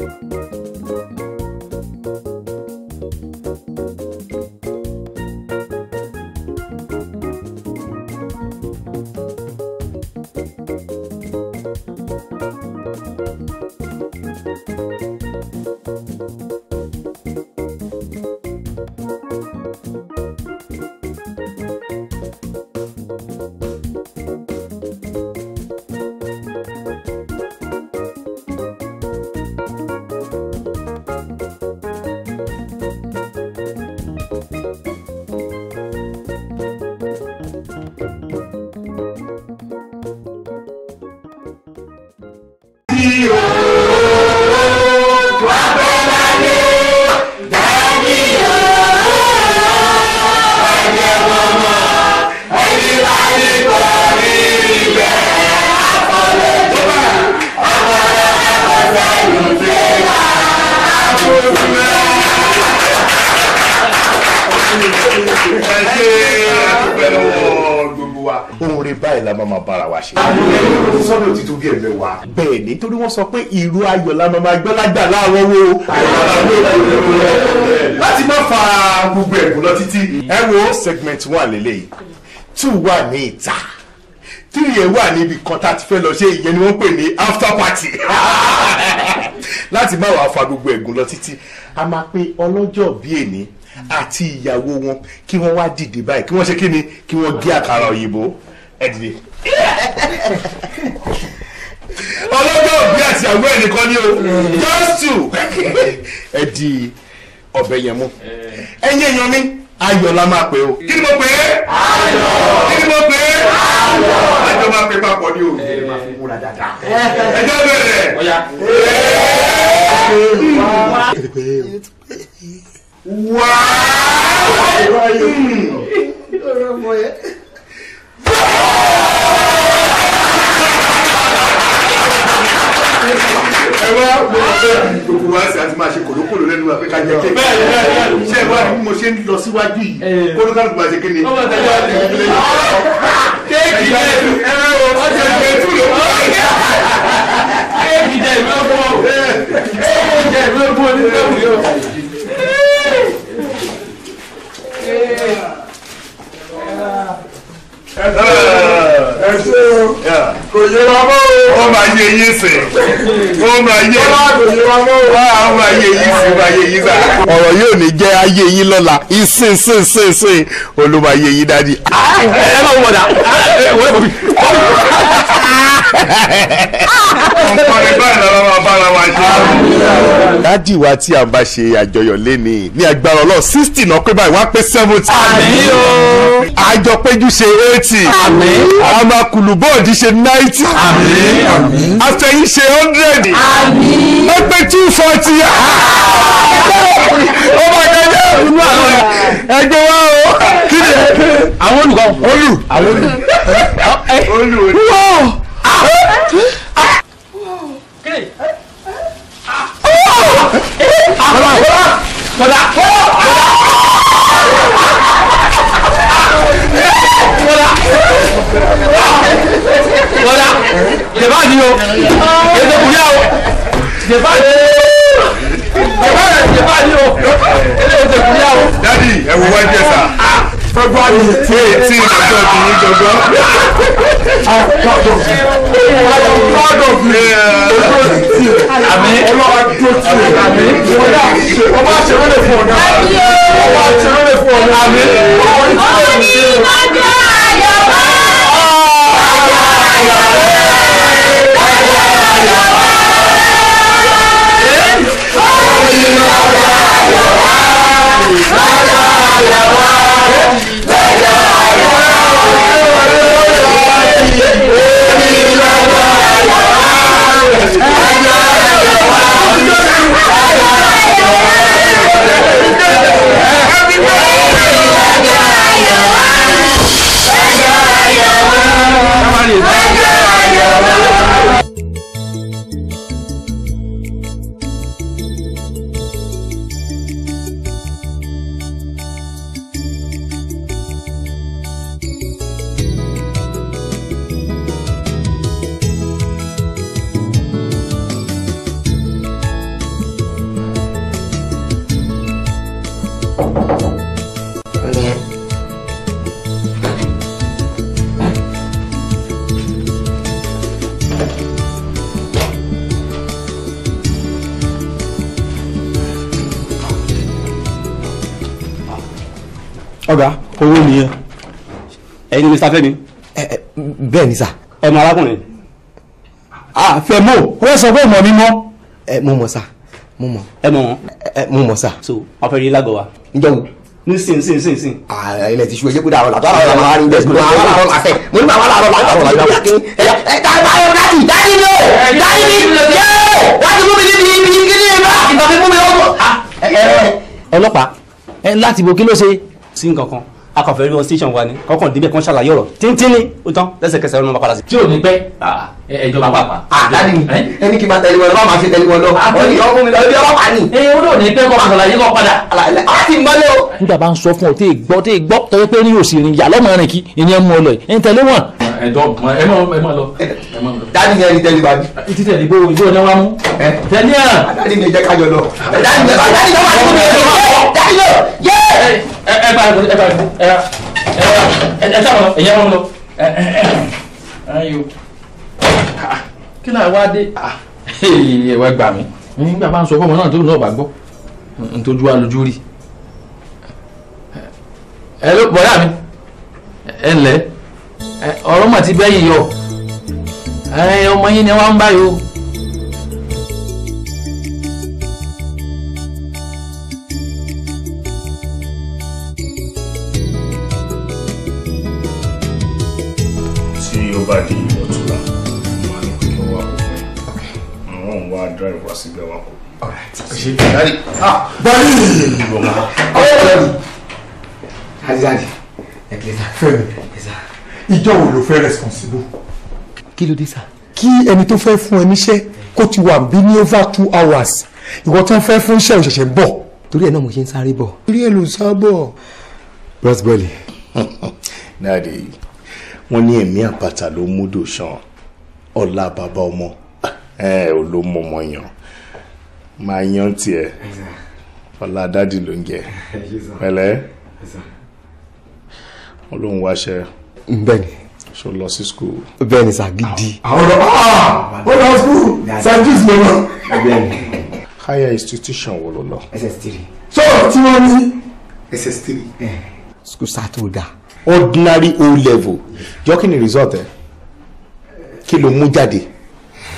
Bye. ìró ayọ̀ la máa gbọ́ lágbàlá àwọn wo láti má fa gbogbo ẹ̀bùn lọ títí. ẹ wo segment one lélẹ́yìí two wà ní ìta three yẹn wà níbi kan tá a ti fẹ́ lọ ṣe ìyẹn ni wọ́n pè ní after party láti má wàá fa gbogbo ẹ̀gùn lọ títí a máa pe ọlọ́jọ́ bíi èní àti ìyàwó wọn kí wọ́n wá dìde báyìí kí wọ́n ṣe kí ni kí wọ́n gé àkàrà òyìnbó ẹ dìde. àti àgbo ẹ̀ nìkan ni o just two ẹ di ọbẹ̀ yẹn mú eh. ẹ̀yin èèyàn mi ayọ̀ la máa pè o kí ni mo pè é ayọ̀ kí ni mo pè é ayọ̀ àjọ máa pè papọ̀ ni o ẹjọ́ eh, eh, bẹ̀rẹ̀ wáá. Hmm. ẹ wá mo rò pé gbogbo wa ṣe àti máa ṣe kòlókòló lẹ́nu wa pé ká jẹ kéèké ṣé ẹ wá bí mo ṣe ń lọ síwájú yìí kólókàlùkù máa ṣe kí ni kéèkì jẹ ẹ̀rọ ọ̀sẹ̀ ìgbẹ́tù ló wọ́n kéèkì jẹ ìwé ọ̀pọ̀ kéèkì jẹ ìwé ọ̀pọ̀ onígbàwù yóò. Yeah ẹ ó máa yé yín sìn ó máa yé ó máa yé yín sìn máa yé yín sà. ọ̀rọ̀ yóò ní jẹ́ ayé yín lọ́la ìsìn sìn sìn sìn olùmọ̀ ayé yín dáadí. ẹ máa wọ̀ dà wọ́n kọ́ mi báyìí lọ́wọ́ bá dádì wa tí a bá ṣe àjọyọ̀ lẹ́ni ní agbára ọlọ́ọ̀ sixty náà pé báyìí wá pé seventy. àmín o. àjọpéjú ṣe eighty. àmín. àmàkùlù bọ́ọ̀dì ṣe ninety. àmín. àfẹ̀yìn ṣe hundred. àmín. pẹ́pẹ́ two forty. ó máa kẹjọ ìlú àwọn ẹgbẹ́ wa o. kí ni àwọn olùkọ́ olù. àwọn olù. olù. wọ́ọ̀. Ah. Ah bọ́lá bọ́lá bọ́lá bọ́lá jẹ̀bá ni o ètò kùnìyà o jẹ̀bá ni o jẹ̀bá ni o ètò kùnìyà o. dadi ẹ wo wájú ẹ sá. February is you. 18th of February, I'm proud of you. I am proud of you. Àmín. Ọlọ́run tó ti rẹ̀. Àmín. Ọba àṣẹ ọba àṣẹ wọlé fún ọ̀nà. Ọba àṣẹ wọlé fún ọ̀nà. Àmín. Ọba ní ìlú ọjọ́ ayọ̀ wá. Ayọ̀ ayọ̀ wá. Ayọ̀ ayọ̀ wá. Ọba ní ìlú ọjọ́ ayọ̀ wá. owó nìyẹn ẹ̀yin ni mr fẹ́mi. bẹ́ẹ̀ ni sa. ọmọ arákùnrin. àfẹ̀mọ́ wọ́n sọ pé mọ̀ mi mọ́. ẹ mo mọ̀ sa. mo mọ̀. ẹ mọ̀ wọn. ẹ mo mọ̀ sa. so wọn fẹ́ rí lágọ̀ọ́ wa. ǹjẹ́ wo ní sin sin sin sin. ààrẹ ilẹ̀ ti ṣubú ẹjẹ́ kó dàrọ̀ làtọ́ àwọn ọmọ aráàlú bẹ́ẹ̀ mo àwọn àrọ̀ làṣẹ mo ní bàbá àrọ̀ làṣẹ mo ní bàbá àrọ̀ làṣẹ. ẹ ta bá yọ dájú dájú ni o dájú ni yé wá ti mú mi níbi ibi kí ni ìgbà ìgbà mi mú mi ó bọ̀. ọlọ́pàá láti bo kí ló ṣe. sí nǹkan kan akọ̀fẹ́ rí wọn station wa ni kọ́kàn débẹ̀ kan ṣàlàyé ọ̀rọ̀ tíntínní ó tán lẹ́sẹ̀kẹsẹ̀ ọ̀nà máa padà sí. tí ò ní pẹ́ ẹjọ́ máa pàpà. àdáni ẹni kí n máa tẹ̀lé wọn lọ́wọ́ máa fi tẹ̀lé wọn lọ. ọ̀rẹ́ yọ ọkùnrin lọ ibi ọlọ́pàá ni. ẹ o ló ní pẹ́ kọ́ máa ṣàlàyé kọ́ padà. àti ìmọ̀lẹ́ o. nígbà bá ń sọ fún ọ tí gbọ́ tí gbọ́ tọ́jú pé ní òsì rìn yàlọ́ ẹ ẹ bá ẹ bá ẹ ra ẹ ẹ sábà ẹ̀yẹ́ wọn lọ ẹ ẹ ayo ah, kí náà wá dé ah, ẹ wá gbà mí nígbà máa ń sọ fọmọ náà tó náà bá gbọ́ ntójú wa lójú rí ẹ ló bọ̀dá mi ẹ ǹlẹ́ ọ̀rọ̀ mà ti bẹ́yìn yọ ọmọ yín ni wọ́n ń báyìí o. bọ́lí ọ̀rẹ́rù azali ẹ̀kẹ́ta fẹ́mi ìjọ wo ló fẹ́ responsible. kí ló dé sá. kí ẹni tó fẹ́ fún ẹ níṣẹ́ kó ti wà bí ní over two hours ìwọ tó ń fẹ́ fún iṣẹ́ òṣèṣẹ́ ń bọ̀. torí ẹ náà mo ṣe ń sáré bọ̀. torí ẹ ló ń sá bọ̀. rosebelly dáàdi wọ́n ní ẹ̀mí àpáta ló mú dòṣàn ọlá bàbá ọmọ ẹ ò ló mọ ọmọ yàn máa yan tiẹ̀ ọlá dádì ló ń jẹ pẹ̀lẹ́ wọn ló ń wáṣẹ. bẹ́ẹ̀ni. ṣó lọ sí skul. bẹ́ẹ̀ni sàgídí. àwọn ah, ọ̀dọ́ ó lọ ah! skul sàgídí ló lọ. bẹ́ẹ̀ni. higher institution wo ló lọ. ss3. so tí wọ́n ní. ss3. skul sátúndà ordinary o level jọ kí result ẹ kí ló mú jáde.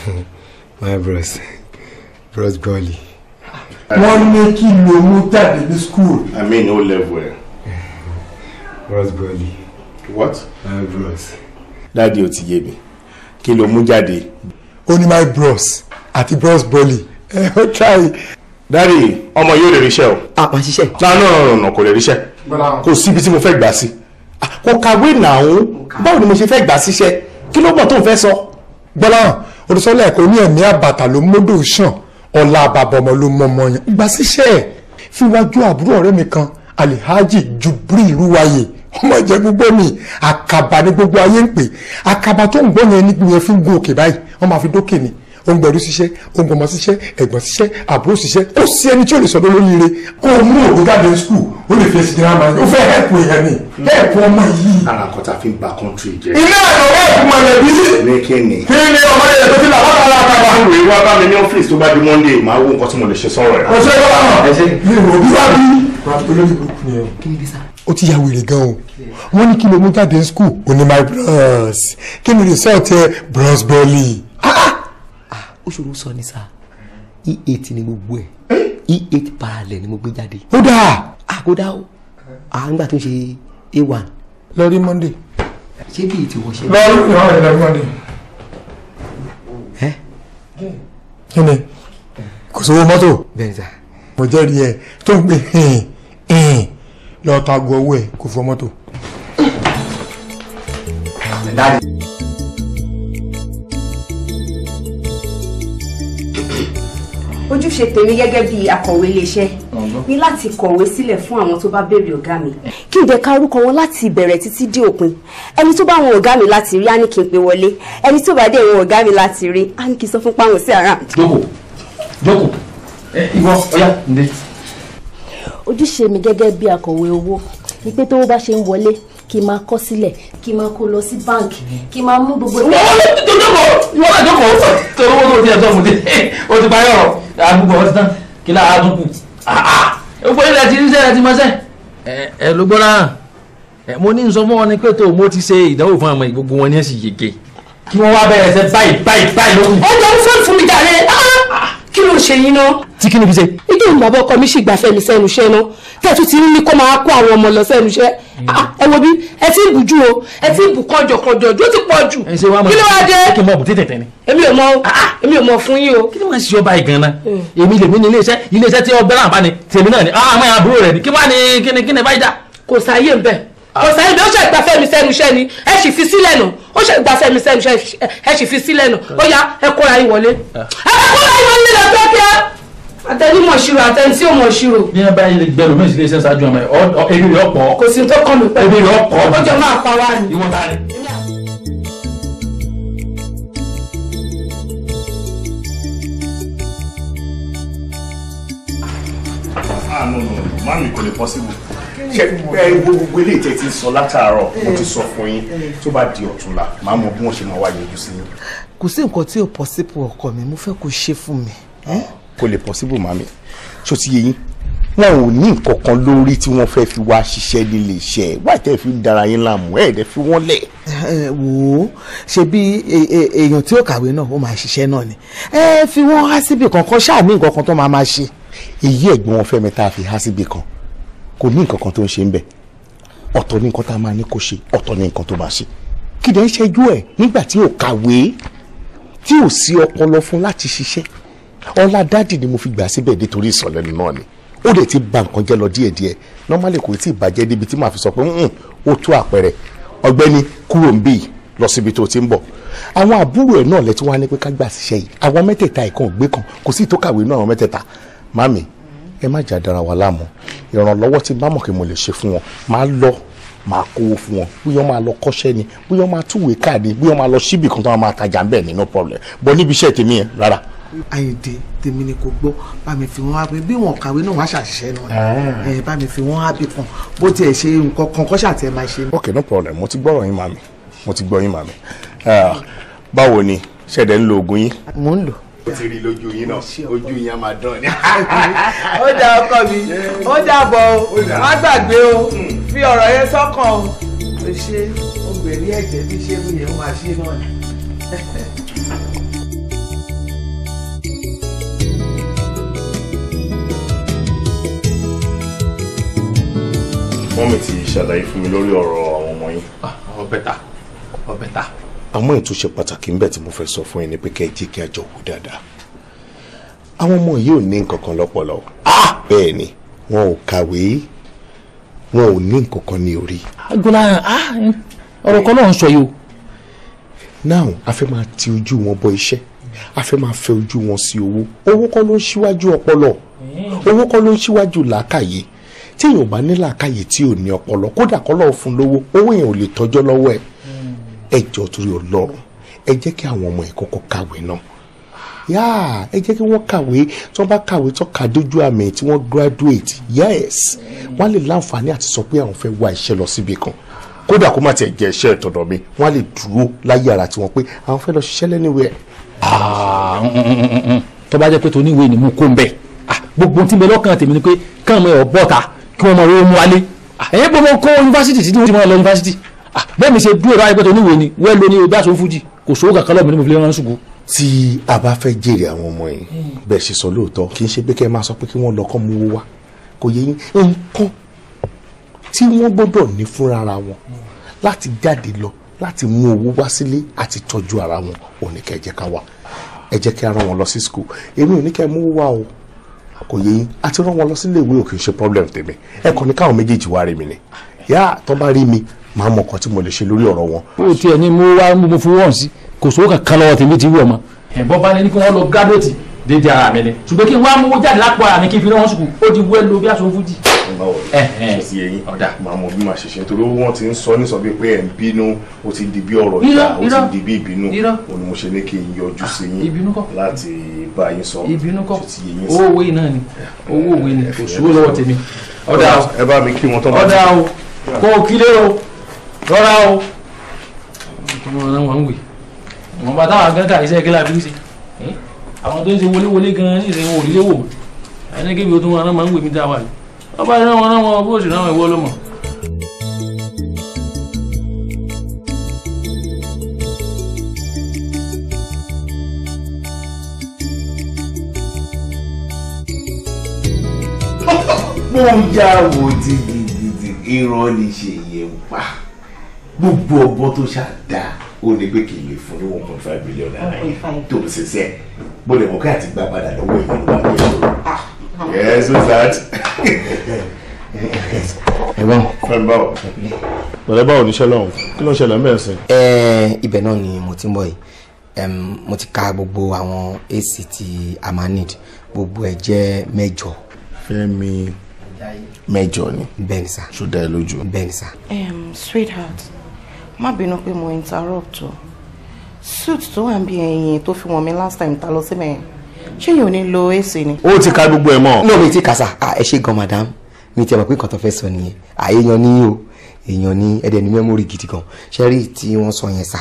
my bros bros gọ́ọ̀lì. wọ́n ní kí ló mú jáde ní school. i mean no level ẹ. bros gọ́ọ̀lì. what. my bros. dáàdi ò ti yé mi kí ló mú jáde. ó ní my bros àti bros gọ́ọ̀lì ẹ ó try. dáàdi ọmọ yóò lè ríṣẹ́ o. a ah, máa ṣiṣẹ́. lánàá ọ̀nà kò lè ríṣẹ́ kò síbi tí mo fẹ́ gbà sí ah, kò kàwé nàún báwo ni mo ṣe fẹ́ gbà síṣẹ́ kí ló mọ̀ tó ń fẹ́ sọ. gbọ́dọ̀ olùsọ́lẹ̀ kò ní ẹ̀mí àbàtà ló módò sàn ọlá bàbá ọmọ ló mọ ọmọ yẹn gbà síṣẹ́ ẹ̀ fi wájú àbúrò ọ̀rẹ́ mi kan alihaji jubri ruwaye ọmọ ìjẹ gbogbo mi àkàbà ni gbogbo ayé ń pè àkàbà tó ń gbọ́ yẹn ní yẹn fi báyìí wọ́n máa fi dókè ni ó ń gbẹ̀rú ṣiṣẹ́ ó ń gbọmọ ṣiṣẹ́ ẹ̀gbọ́n ṣiṣẹ́ àbúrò ṣiṣẹ́ kò sí ẹni tí ò lè sọ lórí ire kó o mú òkú jáde skul ó lè fi ẹsẹ̀ dira máa ó fẹ́ hẹ́pù èèyàn ni hẹ́pù ọmọ yìí. ara a fi ń ba kọ́ńtì jẹ́. iná ẹ̀rọ hẹ́pù mọ̀lẹ́bí. ní kí ni. kí ni ọmọ yẹn tó ti là wọ́n lára kaba. ìwé wa bá mi ní ọ́fíìsì tó bá di monday màá wo nǹkan tí mo lè ṣe sọ̀rọ̀ ẹ̀. ọ̀sẹ̀ yóò wá ẹ̀ ṣe. mi ò ti ya wèrè gan o wọn ní kí ló mú jáde ní skul ó ní my bros kí ni result ẹ bros bọ́ọ̀lì ah, ah ó ṣòro sọ ni sá e eight ni gbogbo ẹ eh? e eight parallel ni mo gbé jáde. ó dáa. àkódá o à ń gbà tó ṣe a one. lọ rí monday. ṣé bí ètò wọ́n ṣe. lọ rí ìwà rẹ̀ lọ rí monday. ẹ. kí ni kò sówó mọ́tò. bẹ́ẹ̀ sá. mo jẹ́rìí ẹ tó ń gbé lọ́ọ́ ta aago ọwọ́ ẹ kò fọ mọ́tò. dáàbò. ojúṣe tèmi gẹ́gẹ́ bí akọ̀wé iléeṣẹ́ ni láti kọ̀wé sílẹ̀ fún àwọn tó bá béèrè ọ̀gá mi. kí n dẹ̀ ka orúkọ wọn láti ìbẹ̀rẹ̀ títí dé òpin ẹni tó bá wọn ọ̀gá mi láti rí á ní kí n pe wọlé ẹni tó bá dé wọn ọ̀gá mi láti rí á ní kí n sọ fún páwọn sí ara. jókòó jókòó ìwọ ọyá ǹdẹ. ojúṣe mi gẹ́gẹ́ bí akọ̀wé owó ni pé tówó bá ṣe ń wọlé kí n máa kọ sílẹ̀ kí n máa kó lọ sí báńkì kí n máa mú gbogbo. wọ́n ló ti dọ́kọ̀ wọ́n ló dọ́kọ̀ tó lówó tó fi ẹ̀tọ́ mu dé o ti parí ọ̀rọ̀ agbègbè ọtí tán kí lára tún kù ọgbọ́n ilẹ̀ ti ríṣẹ́ ẹ ti mọ́ṣẹ́. ẹ ló gbọ́dọ̀ hàn mo ní nsọ fún ọ ni pé tó mo ti ṣe ìdánwò fún àwọn gbogbo wọn ní ẹ̀sìn yege. kí wọ́n wá bẹ̀rẹ̀ sẹ́ báyìí báyìí báyìí lókun. ọjọ́ fún mi jàre kí ló ṣe yín náà. tí kí ni bí ṣe. ìjọ ìmọ̀ àbọ̀ ọkọ mi sì gbà fẹ́mi sẹ́nu iṣẹ́ náà tẹ́tù ti ní kó máa kó àwọn ọmọ lọ sẹ́nu iṣẹ́ hmm. ah, ẹ wo bí ẹ ti ń bù jù o ẹ ti ń bù kànjọ kànjọ ojú ti pọ̀ jù kí ló wá dé. kí n mọ bùtí tẹ̀tẹ̀ ni. èmi ò mọ ah, ah. èmi ò mọ fún yín o. kí ló máa ń ṣe ọba ìgànnà hmm. èmi lèmi ní iléeṣẹ́ iléeṣẹ́ tí ọbẹ̀ náà bá ní tèmi náà ni àwọn ni kí wàá ní kíni kíni kò sẹ́yìn bí ó ṣe gbafẹ́ mi sẹ́nu iṣẹ́ ni ẹ sì fi sílẹ̀ nù ó ṣe gbafẹ́ mi sẹ́nu iṣẹ́ ẹ sì fi sílẹ̀ nù ó yá ẹ kóra yín wọlé ẹ kóra yín wọlé lọ pẹ́pẹ́ àtẹni mọ̀ ṣirò àtẹni tí ò mọ̀ ṣirò. bí wọn bá yẹ gbẹ lómi ìṣẹ̀lẹ̀ iṣẹ́ ṣáájú ọmọ ẹ ebi rẹ ọ̀pọ̀. kò sí tó kọ́ mi pẹ́ ebi rẹ ọ̀pọ̀. ó jọ máa pa wá ni. ìwọ bá ah no no mami kò lè possible ẹ wo gbogbo ilé ìtẹ́ ti sọ látàárọ̀ mo ti sọ fún yín tó bá di ọ̀túnla màá mọ bí wọ́n ṣe máa wá yọjú sí yín. kò sí nǹkan tí ò pọ́sibú ọkọ mi mo fẹ́ kó ṣe fún mi. Ah, eh? kò lè pọ́sibú màmí ṣó ti yé yín wọn ò ní nǹkan kan lórí tí wọ́n fẹ́ fi wá ṣiṣẹ́ nílé iṣẹ́ wáyé tẹ́ fi dára yín láàmú ẹ̀ dẹ́ fi wọ́n lẹ̀. ẹ eh, eh, wò ó ṣe bí e, e, èèyàn tí ó kàwé náà ó máa ṣiṣẹ́ náà ni ẹ fi wọ́n há síbì kankan ṣáà ní nǹkan kan tó máa máa ṣe. èyí ẹ̀gbọ́n wọn fẹ́ mi tá a fi há síbì kan kò ní nǹkan kan tó ń ṣe ń bẹ̀ ọ̀tọ̀ ní nǹkan tá a máa ní kó ṣe ọ̀tọ̀ ní nǹkan tó máa ṣe kí lè ń ṣẹ́jú ẹ̀ nígbà tí ò kàwé tí ò sí ọpọlọ fún láti ṣiṣẹ́ ọlá dádì ni mo fi gbà síbẹ̀ nítorí ìsọ̀lẹ́nu náà ni ó dẹ̀ ti bà nǹkan jẹ́ lọ díẹ̀díẹ̀ normally kò tí ì bàjẹ́ débi tí màá fi sọ pé ó tó àpẹẹrẹ ọ̀gbẹ́ni kúrò ń bì lọ síbi tó ti ń bọ̀ àwọn àbúrò ẹ̀ náà lẹ́tí wá ní pé ká gbà síṣẹ́ yìí àwọn mẹ́tẹ̀ẹ̀ta ìkan ògbé kan kò sí ìtókàwé náà àwọn mẹ́tẹ̀ẹ̀ta mami ẹ má jà dára wa láàmú ìrànlọ́wọ́ tí bá mọ̀ kí mo lè ṣe fún wọn máa lọ máa kówó fún wọn bóyá máa lọ kọ́ṣẹ́ ni bóyá máa túwèé káàdì bóyá máa lọ síbì kan tó máa tajà ń bẹ̀ ní no problem bọ́ níbi iṣẹ́ tèmi yẹn rárá. àyèdè tèmi ni kò gbọ́ bá mi fi wọ́n wá pé bí wọn kàwé náà wá ṣàṣìṣe náà ẹ bá mi fi wọ́n wá bí kan bó tiẹ̀ ṣe nǹkan kan kọ́ṣà tiẹ̀ máa ṣe. ok no problem mo ti gbọ́rọ̀ yín màmí mo ti gbọ́ yín màmí báwo ni ṣẹ̀dẹ̀ ń lo oògùn yín. mo ń lò ó ti rí lójú yín náà ojú yín á máa dán ni. ó dá ọkọ mi ó dàbọ̀ o má gbàgbé o hmm. fi ọ̀rọ̀ yẹn sọ́kàn o. o ṣe obìnrin ẹ̀jẹ̀ bí ṣé mi yẹn máa ṣe náà ni. wọ́n mi ti ṣàlàyé fún mi lórí ọ̀rọ̀ àwọn ọmọ yín. Ah, ọ̀bẹ̀ta ọ̀bẹ̀ta àmọ́ ìtúnṣe pàtàkì ń bẹ tí mo fẹ́ sọ fún yín ni pé kẹ́ ẹ jẹ́ kí a jọ wò dáadáa àwọn ọmọ yìí ò ní nǹkan kan lọ́pọlọ ah! bẹ́ẹ̀ ni wọn ò kàwé wọn ò ní nǹkan kan ní orí. agbólára ah, ọ̀rọ̀ kan náà ń sọ yìí o. now a fẹ́ máa ti ojú wọn bọ iṣẹ́ a fẹ́ máa fẹ́ ojú wọn sí owó owó kọ́ ló ń ṣíwájú ọpọlọ owó kọ́ ló ń ṣíwájú làákàyè tí èèyàn bá ní làákàyè tí ò ní ọpọlọ kódà kọ́ lọ́ọ́ fún lówó owó yẹn ò lè tọ́jọ́ lọ́wọ́ ẹ̀ ẹ jọ torí Ọlọ́run ẹ jẹ́ kí àwọn ọmọ ẹ kọ́kọ́ kàwé náà yá ẹ jẹ́ kí wọ́n kàwé tí wọ́n bá kàwé tó kà dójú àmì tí wọ́n graduate yes wọ́n lè láǹfààní àti sọ pé àwọn fẹ́ wá iṣẹ́ lọ síbi kan kódà kó má tiẹ̀ jẹ́ iṣẹ́ ìtọ̀dọ̀ mi wọ́n lè dúró láyé ara tiwọn pé àwọn fẹ́ lọ ṣiṣẹ́ lẹ́niwẹ̀ẹ́. Ah, tó bá jẹ́ pé toní ìwé ni mo kó ń bẹ̀ ah, gbogbo tí mi lọ́kàn tèmi ni pé káwọn ọmọ ẹ̀ ọ̀ bọ́ta kí wọ́n mọ owó mú wálé ah, ẹ̀yẹ́ bọ́ mọ́ kó yunifásitì títí wọ́n ti mọ́ lọ yunifásitì Ah, bẹ́ẹ̀ mi ṣe dúró ráyé pé oníwèé ni wẹ́ẹ́ lóní ojú àṣọ fújì kò sówó kankan lọ́mọ ní mo fi lè rán ṣùgbọ́n. tí a bá fẹ́ jèrè àwọn ọmọ yìí hmm. bẹ́ẹ̀ ṣe sọ lóòótọ́ kì í ṣe pé kẹ́ ẹ máa sọ pé kí wọ́n lọ kọ́ mú owó wá kò yẹ yín nǹkan tí wọ́n gbọ́dọ̀ ní fúnra ara wọn láti jáde lọ láti mú owó wá sílé àti tọ́jú ara wọn òní kẹ́ ẹ jẹ́ ká wà ẹ jẹ́ kí a rán wọn lọ sí school èmi ò ní kẹ́ ẹ mú owó wá o kò yẹ yín àti rán wọn lọ sílé ìwé ò kì í ṣe problem tèmi ẹ kàn ní káwọn méjèèjì wá rí mi ni yá tó bá rí mi máa mọ nǹkan tí mo lè ṣe lórí ọ̀rọ̀ wọn. o tiẹ̀ ni mo wá mo fi wọ́n sí kò sówó kankan lọ́wọ́ tèmi ti wọ̀ mọ́. ẹ̀bọ́n bá ní kí wọ́n lọ gádùtì dédé ara mi ni ṣùgbọ́n kí n wá mowó jáde lápò ara mi kí n fi rán wọn sùkú ó di wẹ́ lo bí aṣọ fújì. ọ̀dà máa mọ bí màá ṣe ṣe nítorí wọ́n ti ń sọ nísọ bíi pé ẹ̀ ń bínú ó ti di bí ọ̀rọ̀ ìgbà ó ti di bí ìbínú ó ní mo ṣe ní kí n yọjú sí yín láti bá yín sọ ìbínú kọ́ owó òwe náà ni owó òwe ni kò sówó lọ́wọ́ tèmi. ọ̀dà ẹ bá mi kí wọn tán bá mi. ọ̀dà o kò kílé o rọra o wọn wì wọn bá táwọn agáǹkà iṣẹ́ kí láàbí ṣe àwọn tó ń ṣe wọléwọlé gan-an ní ìṣẹ́ òrìlé wò ẹni kébi o tún wọn máa ń wè mí dá wà wọn bá rán wọn rán wọn bó ṣe rán ìwọ ló mọ̀. mo ya wo ti gidigidi irọ́ ni ṣe yẹ pa gbogbo ọgbọ́n tó ṣàdá ó ní pé kì í lè fún ní one point five million naira yẹn tó ń ṣiṣẹ́ bó lè mọ̀ ká àti gbà padà lọ́wọ́ ìlú wa ní ìṣòro. yes what's that. ẹ̀gbọ́n fẹ́mi báwo. pẹ̀lẹ́ báwo níṣẹ́ lọ́hùn kí ló ń ṣẹlẹ̀ ń bẹ̀rẹ̀ sí. ẹ ibẹ̀ náà ni mo ti ń bọ̀ yìí mo ti ka gbogbo àwọn AC ti amanid gbogbo ẹ̀ jẹ́ mẹ́jọ. Fẹ́mi mẹ́jọ ni. bẹ́ẹ̀ni sá. ṣó dá ẹ lójú. bẹ́ẹ̀ni sá. sweetheart má bínú pé mo interrupt o suit tó wà ń bí ẹyin tó fi wọn mi last time ta lọ sí mẹ́yìn ṣé yóò ní lo ac ni. ó ti ka gbogbo ẹ̀ mọ́. náà mi ti kà sá ah, ẹ ṣe gan madam mi ti ẹ̀ mọ̀ pé nǹkan tó fẹ́ sọ nìyẹn àyèyàn ní o èèyàn ní ẹ̀dẹ̀ ní mẹ́mórì gidi gan ṣẹ́rí tí wọ́n sọ yẹn sá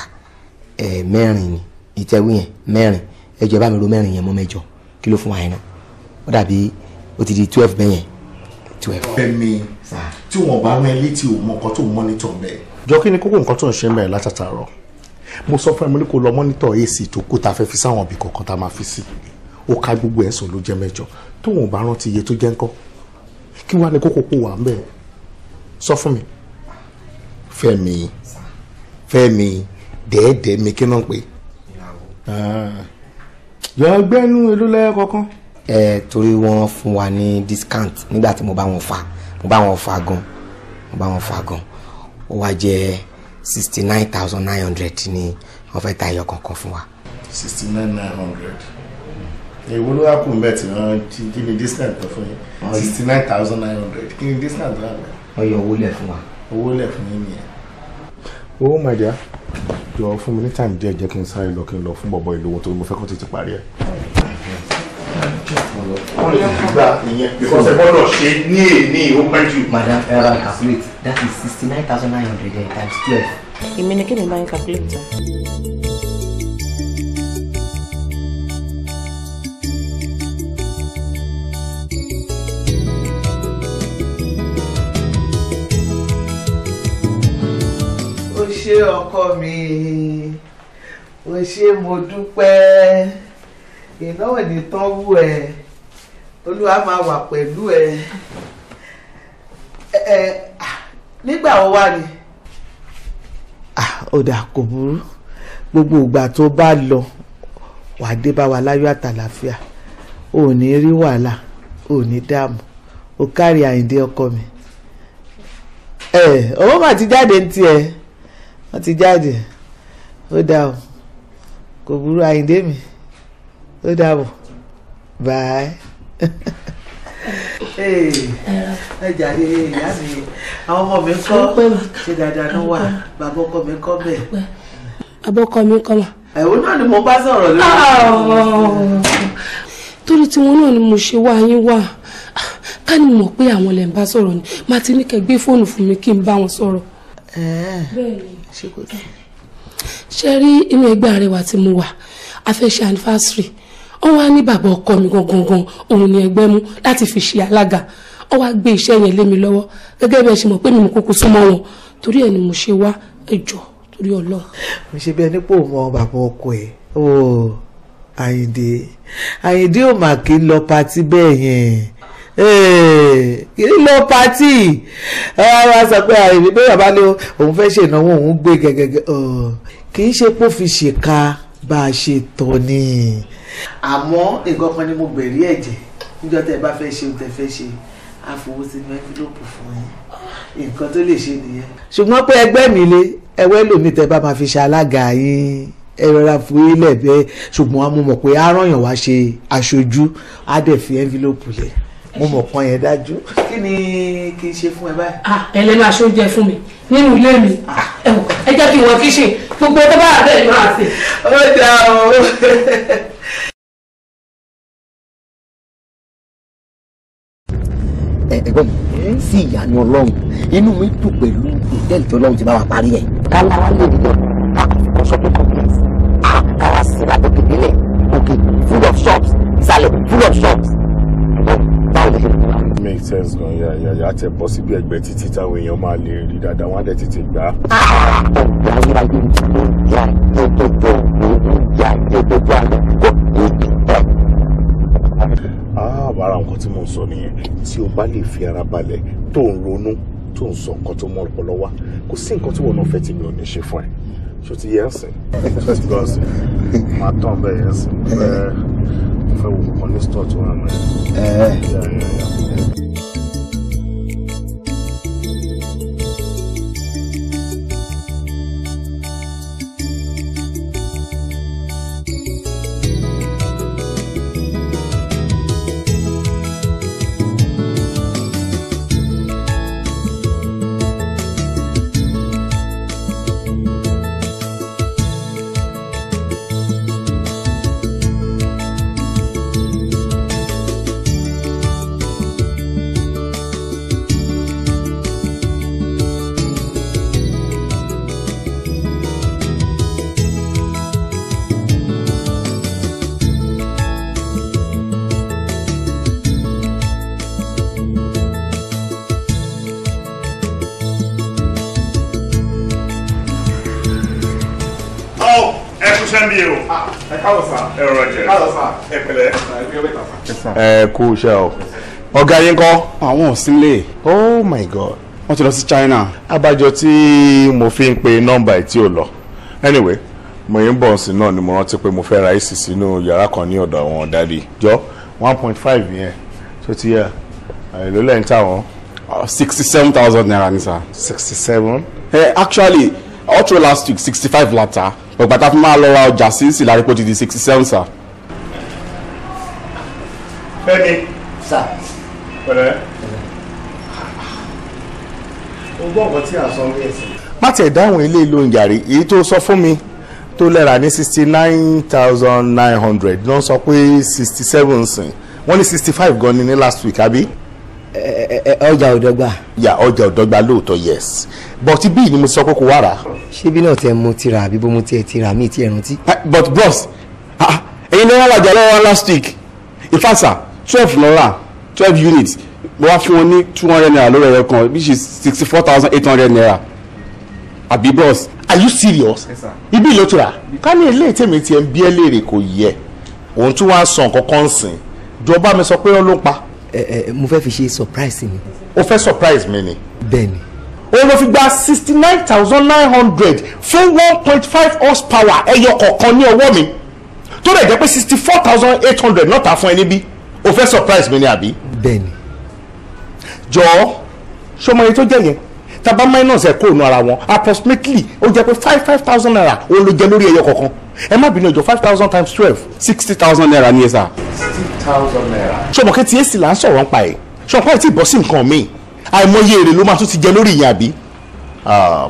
ẹ̀ mẹ́rin ni ìtẹ́wé yẹn mẹ́rin ẹjọ́ ẹ bá mi ro mẹ́rin yẹn mọ́ mẹ́jọ kí ló fún wa yẹn náà ó dàbí ó ti di twelve bẹ́yẹn twelve. fẹmi tí wọn bá rán ẹ létí òun mọkàn tó mọ́nítọ̀ bẹ́ẹ̀ jọ kí ni kókó nǹkan tó ń ṣe mẹ́rin látàtàrọ̀ mo sọ fún ẹ mo ní kó lọ mọ́nítọ̀ ac tó kó ta fẹ́ fi sáwọn ibì kọ̀ọ̀kan tá a máa fi sí ó ká gbogbo ẹ̀sùn ló jẹ́ mẹ́jọ tóun bá rántí iye tó jẹ́ ńkọ́ kí wàá ní kókó kó wà ń sọ fún mi fẹ́mi fẹ́mi dẹ́ẹ̀dẹ́ mi kí náà pé. yọ ọgbẹ́nu èlò lẹ́yọ kankan. ẹ torí wọ́n fún wa ní discount nígbà tí mo bá wọn fa mo bá wọn fà gan mo bá wọn fà gan ó wá jẹ́ sixty nine thousand nine hundred ni wọ́n fẹ́ ta ẹyọ kọ̀ọ̀kan fún wa. sixty nine nine hundred èwo ló wá kù mbẹ tí wọ́n ti kí ni discount tó fún yín sixty nine thousand nine hundred kí ni discount tó wà bẹ́ẹ̀. wọ́n yọ owó lẹ̀ fún wa. owó lẹ̀ fún yín nìyẹn. owó màdìá jọ fún mi ní time díẹ̀ jẹ́ kí n sáré lọ kí n lọ fún bọ̀bọ̀ ìlú owó tó mo fẹ́ kó tètè parí ẹ̀ wọ́n lè fi gba ìyẹn because ẹ gbọ́dọ̀ ṣe ní èní ó pẹ́ madam calculate that is sixty nine thousand nine hundred and times twelve. èmi ni kí ni báyìí calculate. o ṣé ọkọ mi o ṣé mo dúpẹ́. iná ò ní tán wú ẹ olúwa máa wà pẹ̀lú ẹ ẹ nígbà wo wá ni. ó dà kò burú gbogbo ìgbà tó bá lọ wàá dé bá wa láyọ̀ àtàlàfíà ò ní rí wàhálà ò ní dààmú ó kárí àyíndé ọkọ mi ẹ owó mà ti jáde ń tiẹ̀ wọ́n ti jáde ó dà o kò burú àyíndé mi. ó dàbọ̀ báyìí ẹ jàre ìyá mi àwọn ọmọ mi kọ́ ṣe dáadáa ló wà bàbá ọkọ mi kọ́ bẹ́ẹ̀. bàbá ọkọ mi kọ́ mà. ẹ̀wọ̀n náà ni mo bá sọ̀rọ̀ lórí. torí tiwọn náà ni mo ṣe wá yín wá ká ní mọ̀ pé àwọn lè ń bá sọ̀rọ̀ ni má ti ní kẹ́ gbé fóònù fún mi kí n bá wọn sọ̀rọ̀. ṣe rí inú ẹgbẹ́ Arewa tí mo wà a fẹ́ ṣe anniversary wọ́n wá ní bàbá ọkọ mi gangan òun ni ẹgbẹ́ mú láti fi ṣe alága wọ́n wá gbé iṣẹ́ yẹn lé mi lọ́wọ́ gẹ́gẹ́ bí ẹ ṣe mọ̀ pé mi mú kúkú súnmọ́ wọn torí ẹ̀ ni mo ṣe wá ẹjọ́ torí ọlọ́run. mo ṣe bí ẹni pò mọ bàbá ọkọ ẹ o àyìndé àyìndé ò mà kí lọ patí bẹ́ẹ̀ yẹn kì í lọ patí ọ̀rọ̀ sọ pé àyìndé pé bàbá ló òun fẹ́ ṣe ìnáwó òun gbé gẹ́gẹ́ kì í ṣe pé fi ṣèkà bá a ṣe tọ́ ni àmọ́ nǹkan kan ni mo bẹ̀rí ẹ̀jẹ̀ níjọ tẹ́ ẹ bá fẹ́ ṣe tẹ́ fẹ́ ṣe àfọwọ́ sínú ẹ́ńfílọ́pù fún yín nǹkan tó lè ṣe nìyẹn. ṣùgbọ́n pé ẹgbẹ́ mi le ẹwẹ́ lòmí tẹ́ bá máa fi ṣe alága yín ẹ rọra fún ilẹ̀ bẹ́ẹ̀ ṣùgbọ́n mo mọ̀ pé aráyàn wá ṣe aṣojú á dẹ̀ fi ẹ́ńfílọ́pù lẹ̀ mo mọ̀ kan yẹn dájú. kí ni kí n ṣe fún ẹ báyìí. ah ẹlẹ́nu aṣojú ẹ fún mi nínú ilé mi ah. ẹ jẹ́ kí n wọ kíṣìn gbogbo tó bá àbẹ̀ ni máa ṣe. ó dáa o. ẹ̀gbọ́n mi sí ìyanu ọlọ́run inú mi dùn pẹ̀lú ìtẹ́lì tí ọlọ́run ti bá wa parí ẹ̀. kálá wa lè dìde àkókò shopping complex àkàrà síra lókè délẹ̀ òkè full of shops ìsàlẹ̀ full of shops. báwo lè ṣe make sense gan ya ya ya tẹ bọ síbi ẹ̀gbẹ́ títí táwọn èèyàn máa lè rí dáadáa wọn dẹ tètè gbà. Ah! ọ̀gá ayé ayé ló ń jà jẹ́jẹ́jẹ́ ló ń jà jẹ́jẹ́jẹ́ àná ara nǹkan tí mo ń sọ nìyẹn tí o bá lè fi ara balẹ̀ tó ń ronú tó ń sọ nǹkan tó mọ ọpọlọ wá kò sí nǹkan tí wọn náà fẹ́ tí mi ò ní ṣe fún ẹ ṣó ti yẹ ẹsìn ṣó ti gbọ́ ẹsìn máa tán bẹ́ẹ̀ ẹsìn mo fẹ́ wo nǹkan ní stọọ tó wà mọ́ ẹ. ẹ kú iṣẹ́ o ọ̀gá yín kọ́. àwọn ò sílé. oh my god. wọ́n ti lọ sí China. abájọ tí mo fi ń pe nọ́mbà ẹ̀ tí ò lọ anyway mo yín bọ̀ sí náà ni mo rántí pé mo fẹ́ ra ìsì sínú yàrá kan ní ọ̀dọ̀ àwọn dáàdi jọ one point five yẹn tó ti yẹ èlò lẹ́yìn táwọn. Uh, sixty seven thousand naira ni sa. sixty seven. ẹ actually all through last week sixty five lata ọgbàtà fún máa lọ ra ọjà sí ìsìlárí pé ó ti di sixty seven sa. Fẹ́mi. Sà. Pẹ̀lẹ́. O gbọ́ nǹkan tí a sọ ní ẹ̀sìn. Má tiẹ̀ dáhùn ilé ìlú ìyàrí èyí tó sọ fún mi tó lẹ́ra ní sixty nine thousand nine hundred ló ń sọ pé sixty seven sìn wọ́n ní sixty five gan ni ní last week àbí. ọjà òdọ́gba. yà ọjà òdọ́gba lóòótọ́ yes but bí ni mo sọ pé kò wá rà. ṣébí náà tẹ mo ti rà àbí bó mo tiẹ̀ ti rà mí ti ẹ̀rántí. Eh, but bros ah, ẹ̀yin ni wọ́n wàjà lọ́wọ́ last week ìfàsà twelve lọ́ra twelve units wọ́n á fún wọn ní two hundred naira lórí ẹyọ kan which is sixty four thousand eight hundred naira àbí bros. are you serious? Yes, ibi ìlú tura ká ní ilé ìtẹ̀mí tiẹ̀ ń bí ẹ léèrè kò yẹ òun tún wá sàn kankan sìn jọba mi sọ pé ó ló ń pa. ẹ ẹ mo fẹ́ fi ṣe surprise mi. o fẹ́ surprise mi ni. bẹ́ẹ̀ni. o lọ fi gba sixty nine thousand nine hundred fún one point five horsepower ẹyọ kọ̀ọ̀kan ní ọwọ́ mi tó lè jẹ́ pé sixty four thousand eight hundred náà ta fún ẹ níbí o fẹ́ surprise mi ni àbí. bẹ́ẹ̀ni. jọ̀ọ́ sọmọ yẹn tó jẹ yẹn taba minus ẹ̀ kóònù ara wọn approximately ó jẹ́ pé five five thousand naira O ló jẹ lórí ẹyọ kọ̀ọ̀kan ẹ má bínú ìjọ five thousand times twelve sixty thousand naira ni ẹ sà. sixty thousand naira. sọmọ kẹ́tì èsì là ń sọ̀rọ̀ ń pa ẹ̀ sọmọ kẹ́tì bọ́ sí nǹkan mi àìmọye èrè ló máa tún ti jẹ lórí ìyẹn àbí.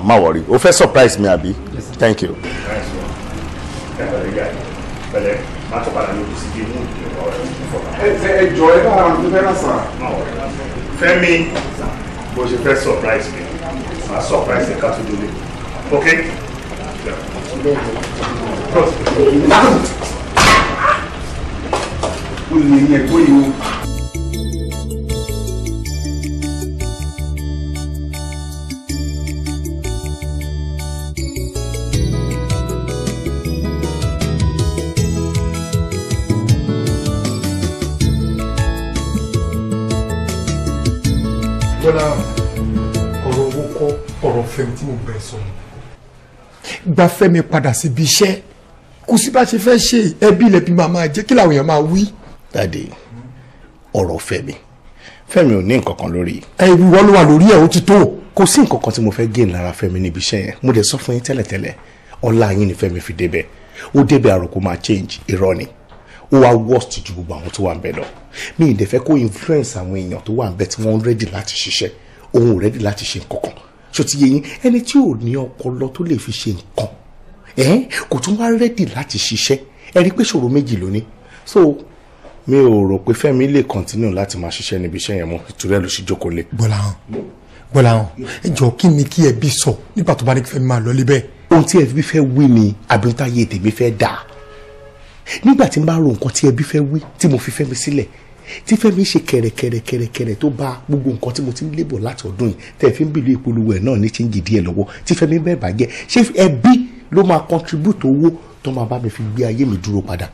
má wọrí o fẹ́ surprise mi àbí. thank you. Nice ẹ jọ ẹ lára àwọn tó fẹ́ rà sà. Fẹ́mi bó ṣe fẹ́ surprise mi màá surprise ẹ ká tó délé ok. o lè yẹ kó yìí o. bọ́lá ọ̀rọ̀ owó kọ́ ọ̀rọ̀ fẹ́mi tí mo bẹ̀ sọ. gba fẹ́mi padà síbi iṣẹ́ kò sí bá ṣe fẹ́ ṣe ẹbí ilẹ̀ bí màmá jẹ́ kí làwọn èèyàn máa wí. dade ọ̀rọ̀ fẹ́mi fẹ́mi ò ní nǹkan kan lórí. ẹ ìwọ ló wà lórí ẹ ó ti tó. kò sí nǹkan kan tí mo fẹ́ gé lára fẹ́mi níbi iṣẹ́ yẹn mo dẹ̀ sọ fún yín tẹ́lẹ̀tẹ́lẹ̀ ọlá yín ni fẹ́mi fi débẹ̀ ó débẹ̀ àròkó máa change irọ́ ni ó wá worst ju gbogbo àwọn tó wà ń bẹ lọ mi ì dẹ̀ fẹ́ kó influence àwọn èèyàn tó wà ń bẹ tí wọ́n ready láti ṣiṣẹ́ òun ready láti ṣe nǹkan kan ṣó ti yé yín ẹni tí ò ní ọpọlọ tó lè fi ṣe nǹkan ẹ kò tún wá ready láti ṣiṣẹ́ ẹ rí pé ṣòro méjì lónìí so mi ò rò pé Fẹ́mi lè continue láti máa ṣiṣẹ́ níbi iṣẹ́ yẹn mọ́ ìtura ẹ ló ṣe jókòó lé. bọ́lá hàn bọ́lá hàn ẹ jọ kí ni kí ẹbí sọ nígbà tó bá ní kí Fẹ́mi máa lọ lébẹ̀. ohun tí ẹbí fẹ́ wí ni àbí ohun táyé tèmi fẹ́ dáa nígbà tí n bá ro nǹkan tí ẹbí fẹ́ wí tí mo fi Fẹ́mi sílẹ̀ tí Fẹ́mi ṣe kẹ̀rẹ̀kẹ̀rẹ̀kẹ̀rẹ̀ tó bá gbogbo nǹkan tí mo ti ń lébọ̀ láti ọdún yìí tẹ̀ fi ń bìlú ìpolówó ẹ̀ náà ní ti ń jìdí ẹ̀ lọ́wọ́ tí Fẹ́mi bẹ́ẹ̀ bá jẹ́ ṣé ẹbí ló máa contribute owó tó máa bá mi fi gbé ayé mi dúró padà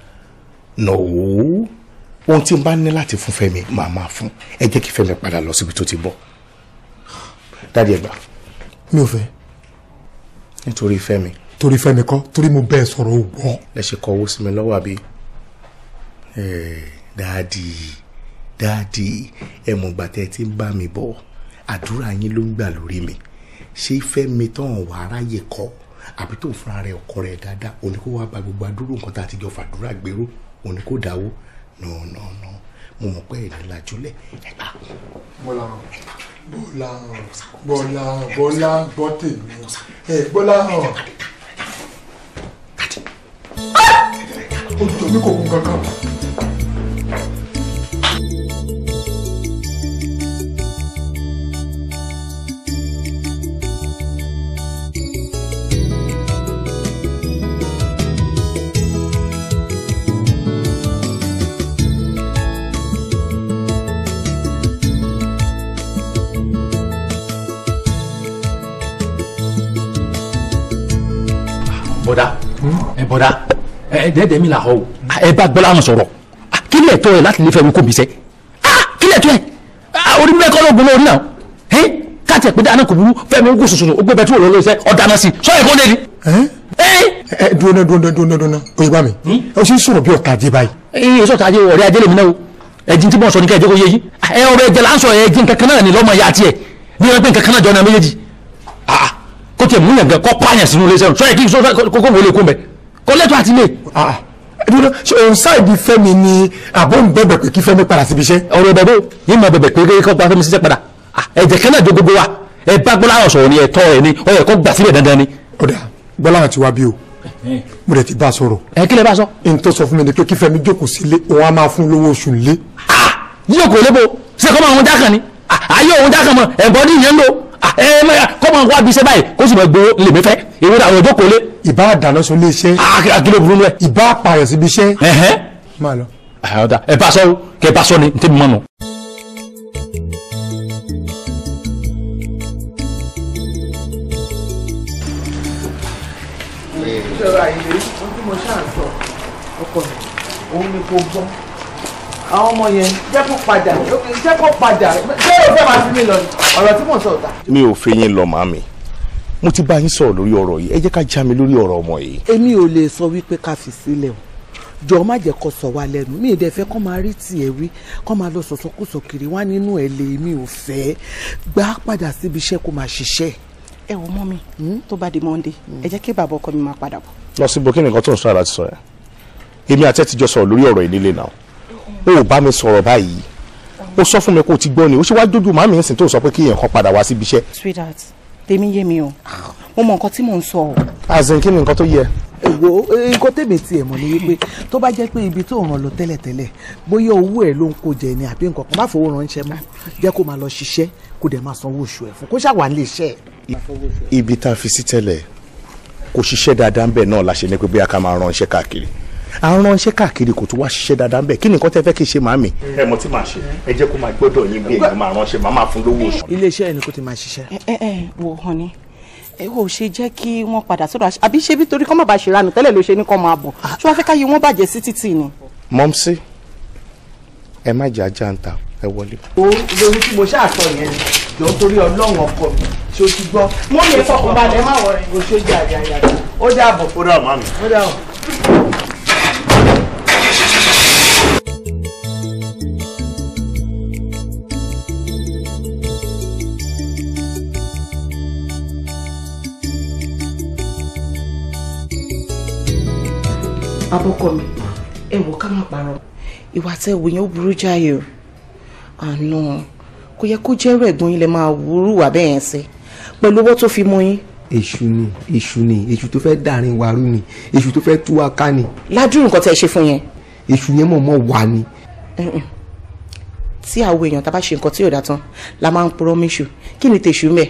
nọ̀wó ohun tí n bá ní láti fún Fẹ́mi màá máa fún ẹ jẹ́ kí Fẹ́mi padà lọ síbi tó ti bọ̀ dáadé ẹ mi ò fẹ́. nítorí Fẹ́mi torí fẹ́mi kọ́ torí mo bẹ́ẹ̀ sọ̀rọ̀ ò gbọ́. ẹ ṣe kọ owó sí mi lọ́wọ́ àbí dáàdì dáàdì ẹ mọ̀ gbà tẹ́ ẹ ti ń bá mi bọ̀ àdúrà yín ló ń gbà lórí mi ṣé fẹ́mi tán wà aráyè kọ́ àbí tó fúnra rẹ̀ ọkọ rẹ̀ dáadáa òní kó wá ba gbogbo àdúrò nǹkan tá a ti jọ fàdúrà gbèrú òní kó dáwó nọ mo mọ̀ pé ẹ̀ ní lajúlẹ̀ ẹ̀ gbà. bọ́lá bọ́lá bọ́lá bọ́tẹ̀ mi bọ́lá. 어 넣고 공 걸까? 뭐다? 응? 네, 뭐다? ẹ̀ẹ́dẹ́ẹ̀dẹ́ mi là họ o. ẹ bá gbọ́dọ̀ àwọn sọ̀rọ̀ kí lè tọ́ ẹ láti lè fẹ́ mi kó mi sẹ́ kí lè tọ́ ẹ orí mi lẹ́kọ́ lóògùn lórí náà ẹ káàtì ẹ̀pẹ́dẹ́ àná kò burú fẹ́mi kó soso ó gbé bẹ́ẹ̀ tí wò lọ́lọ́ iṣẹ́ ọ̀dà náà sí sọ èkó lẹ́ni. ẹ dúró dúró dúró dúró oye bá mi hm? ó sì ń sọ̀rọ̀ bí ọ̀tá ajé báyìí. ẹ sọ̀tà ajé ọ̀rẹ́ ajé lèmi náà o ẹ̀jìn tí mo sọ ní kẹ́ẹ̀jẹ́ kó yé yí ẹ ọ̀rẹ́ ẹ̀jẹ̀ là ń sọ ẹ̀jìn kankan náà ni lọ́mọ ya tiẹ̀ ní ẹgbẹ́ kankan náà jọ náà méjèèjì kó tiẹ̀ múlẹ̀ nǹkan kọ́ pààyàn sínú ilé iṣẹ́ sọ kò lẹ́tọ̀ àti lè. dúró ṣe òun ṣáìdì fẹ́mi ni àbó ń bẹ̀bẹ̀ pé kí fẹ́mi padà síbi iṣẹ́. ọ̀rọ̀ ìbẹ̀bẹ̀ yìí máa bẹ̀bẹ̀ pé kí kọ́ gba fẹ́mi síṣẹ́ padà ẹ̀jẹ̀ kẹ́lẹ́ jọ gbogbo wa ẹ bá gbọ́láhàn sọ̀rọ̀ ni ẹ̀tọ́ ẹ̀ ni ọ̀yẹ̀ kọ́ gbà síbẹ̀ dandan ni. ọ̀dà gbọ́láhàn ti wá bí o mo dẹ̀ ti bá a sọ̀rọ̀. ẹ kí lè bá a sọ. n tó sọ fún mi ni pé kí fẹ́mi jókòó sílé òun á máa fún lówó oṣù nílé. Ah, yíyókòó lébo ṣé kọ́ máa wọn jákàn ni àyè ah, òun jákàn mọ́ ẹ̀bọ́n ní ìyẹn ń lò ẹ ẹ kọ́mọ wá bí iṣẹ́ báyìí kó sì mọ̀ gbowó lèmi fẹ́ ìwé àwọn ọjọ́ kò lé. ìbá dáná sun lé iṣẹ́. akíló ah, burú rẹ. ìbá pààyàn síbi iṣẹ́. máa lọ. Ah, ẹ bá sọ kẹ bá sọ ni ntẹ́ mi mọ̀ nù. ìjọba ìlérí ojú mo ṣáà sọ ọkọ mi òun ni kò gbọ́ àwọn ọmọ yẹn jẹ́ kó padà jẹ́ kó padà jẹ́ kó fẹ́ máa fi mí lọ ni ọ̀rọ̀ tí mò ń sọ ọ̀tà. mi ò fẹ́ yín lọ màámi mo ti bá yín sọ̀rọ̀ lórí ọ̀rọ̀ yìí ẹ jẹ́ ká já mi lórí ọ̀rọ̀ ọmọ yìí. èmi ò lè sọ wípé ká fi sílẹ̀ o jọ má jẹ́ kó sọ wá lẹ́nu mi ìdẹ fẹ́ kó máa rí tiẹ̀ wí kó máa lọ sọ̀sọ́kùsọ kiri wá nínú ẹ̀ lè mi ò fẹ́ gbà padà síbi iṣẹ́ kó máa ṣiṣẹ́. ẹ wò mọ mi tó bá di Monday hmm. ẹ jẹ́ kí bàbá ọkọ mi máa padà bọ̀. lọ sí bo kí nìkan tó ń sọ àrà sọ yẹn èmi àti ẹ ti jọ sọ̀rọ̀ lórí ọ̀rọ̀ ìdílé náà o ò bá mi sọ̀rọ̀ báyìí ó sọ fún mi kó o ti gbọ́ ni ó ṣe wá dójú màmí ẹ̀sìn tó sọ pé kí èèyàn kan padà wá síbi iṣẹ́. sweetheart tèmi yé mi o mo mọ nǹkan tí mò ń sọ o. azin kí ni nǹkan tó yẹ. èwo nǹkan tèmi tiẹ̀ mọ̀ ni wípé tó bá jẹ́ pé ibi tó ràn lọ tẹ́lẹ̀tẹ́lẹ̀ bóyá owó ẹ̀ ló ń kó jẹ ni àbí nǹkan kan má fowó ránṣẹ́ mọ́ jẹ́ kó máa lọ ṣiṣẹ́ kó dẹ̀ máa sanwó oṣù ẹ̀ fún kó ṣàwà nílé iṣẹ́ ẹ̀. ibi tá a fi sí tẹ́lẹ̀ kò ṣiṣẹ́ dáadáa ń bẹ̀ náà la ní pé bóyá ká máa ránṣẹ́ káàkiri à ń ránṣẹ́ káàkiri kò tún wá ṣiṣẹ́ dáadáa bẹ́ẹ̀ kí ni nǹkan tẹ́ fẹ́ kí n ṣe màá mi. ẹ mo ti máa ṣe ẹ jẹ́ kó máa gbọ́dọ̀ yín bí èèyàn máa ránṣẹ́ màá máa fún lówó oṣù. iléeṣẹ́ ẹni kò ti máa ṣiṣẹ́. ẹ ẹ wò honey ẹ ò ṣe jẹ́ kí wọ́n padà sọ́dọ̀ àbí ṣe bí torí kọ́ má bàa ṣe ranù tẹ́lẹ̀ ló ṣe ní kọ́ máa bọ̀ ah. ṣé wàá fẹ́ ká yí wọ́n bàjẹ́ sí títì ni. mọ́mísí ẹ má jà jàǹtà ẹ wọlé. o lórí tí mo ṣàtọ yẹn jọ torí ọlọ́run ọkọ mi ṣé o ti gbọ́. mo lè fọkànbalẹ̀ má wọrin o ṣe jàjà yàtọ̀ ó ó dàbọ̀ ó dàbọ̀. abọ́kọ mi ẹ wò ká má parọ́ ìwà tẹ wò yẹn ó burú jáyé o àná kò yẹ kó jẹ́rú ẹ̀gbọ́n yín lẹ máa wúrú wà bẹ́ẹ̀ yẹn sí pẹ̀lú owó tó fi mú yín. èṣù ni èṣù ni èṣù tó fẹ́ dàrin wàrú ni èṣù tó fẹ́ tú wa ká ni. ládùúrù nǹkan tẹ ṣe fún yẹn. èṣù yẹn mọ̀ mọ́ wà ni. tí àwọn èèyàn tá a bá ṣe nǹkan tí yóò dá tán la máa ń purọ́ méṣù kí ni tèṣù mẹ́.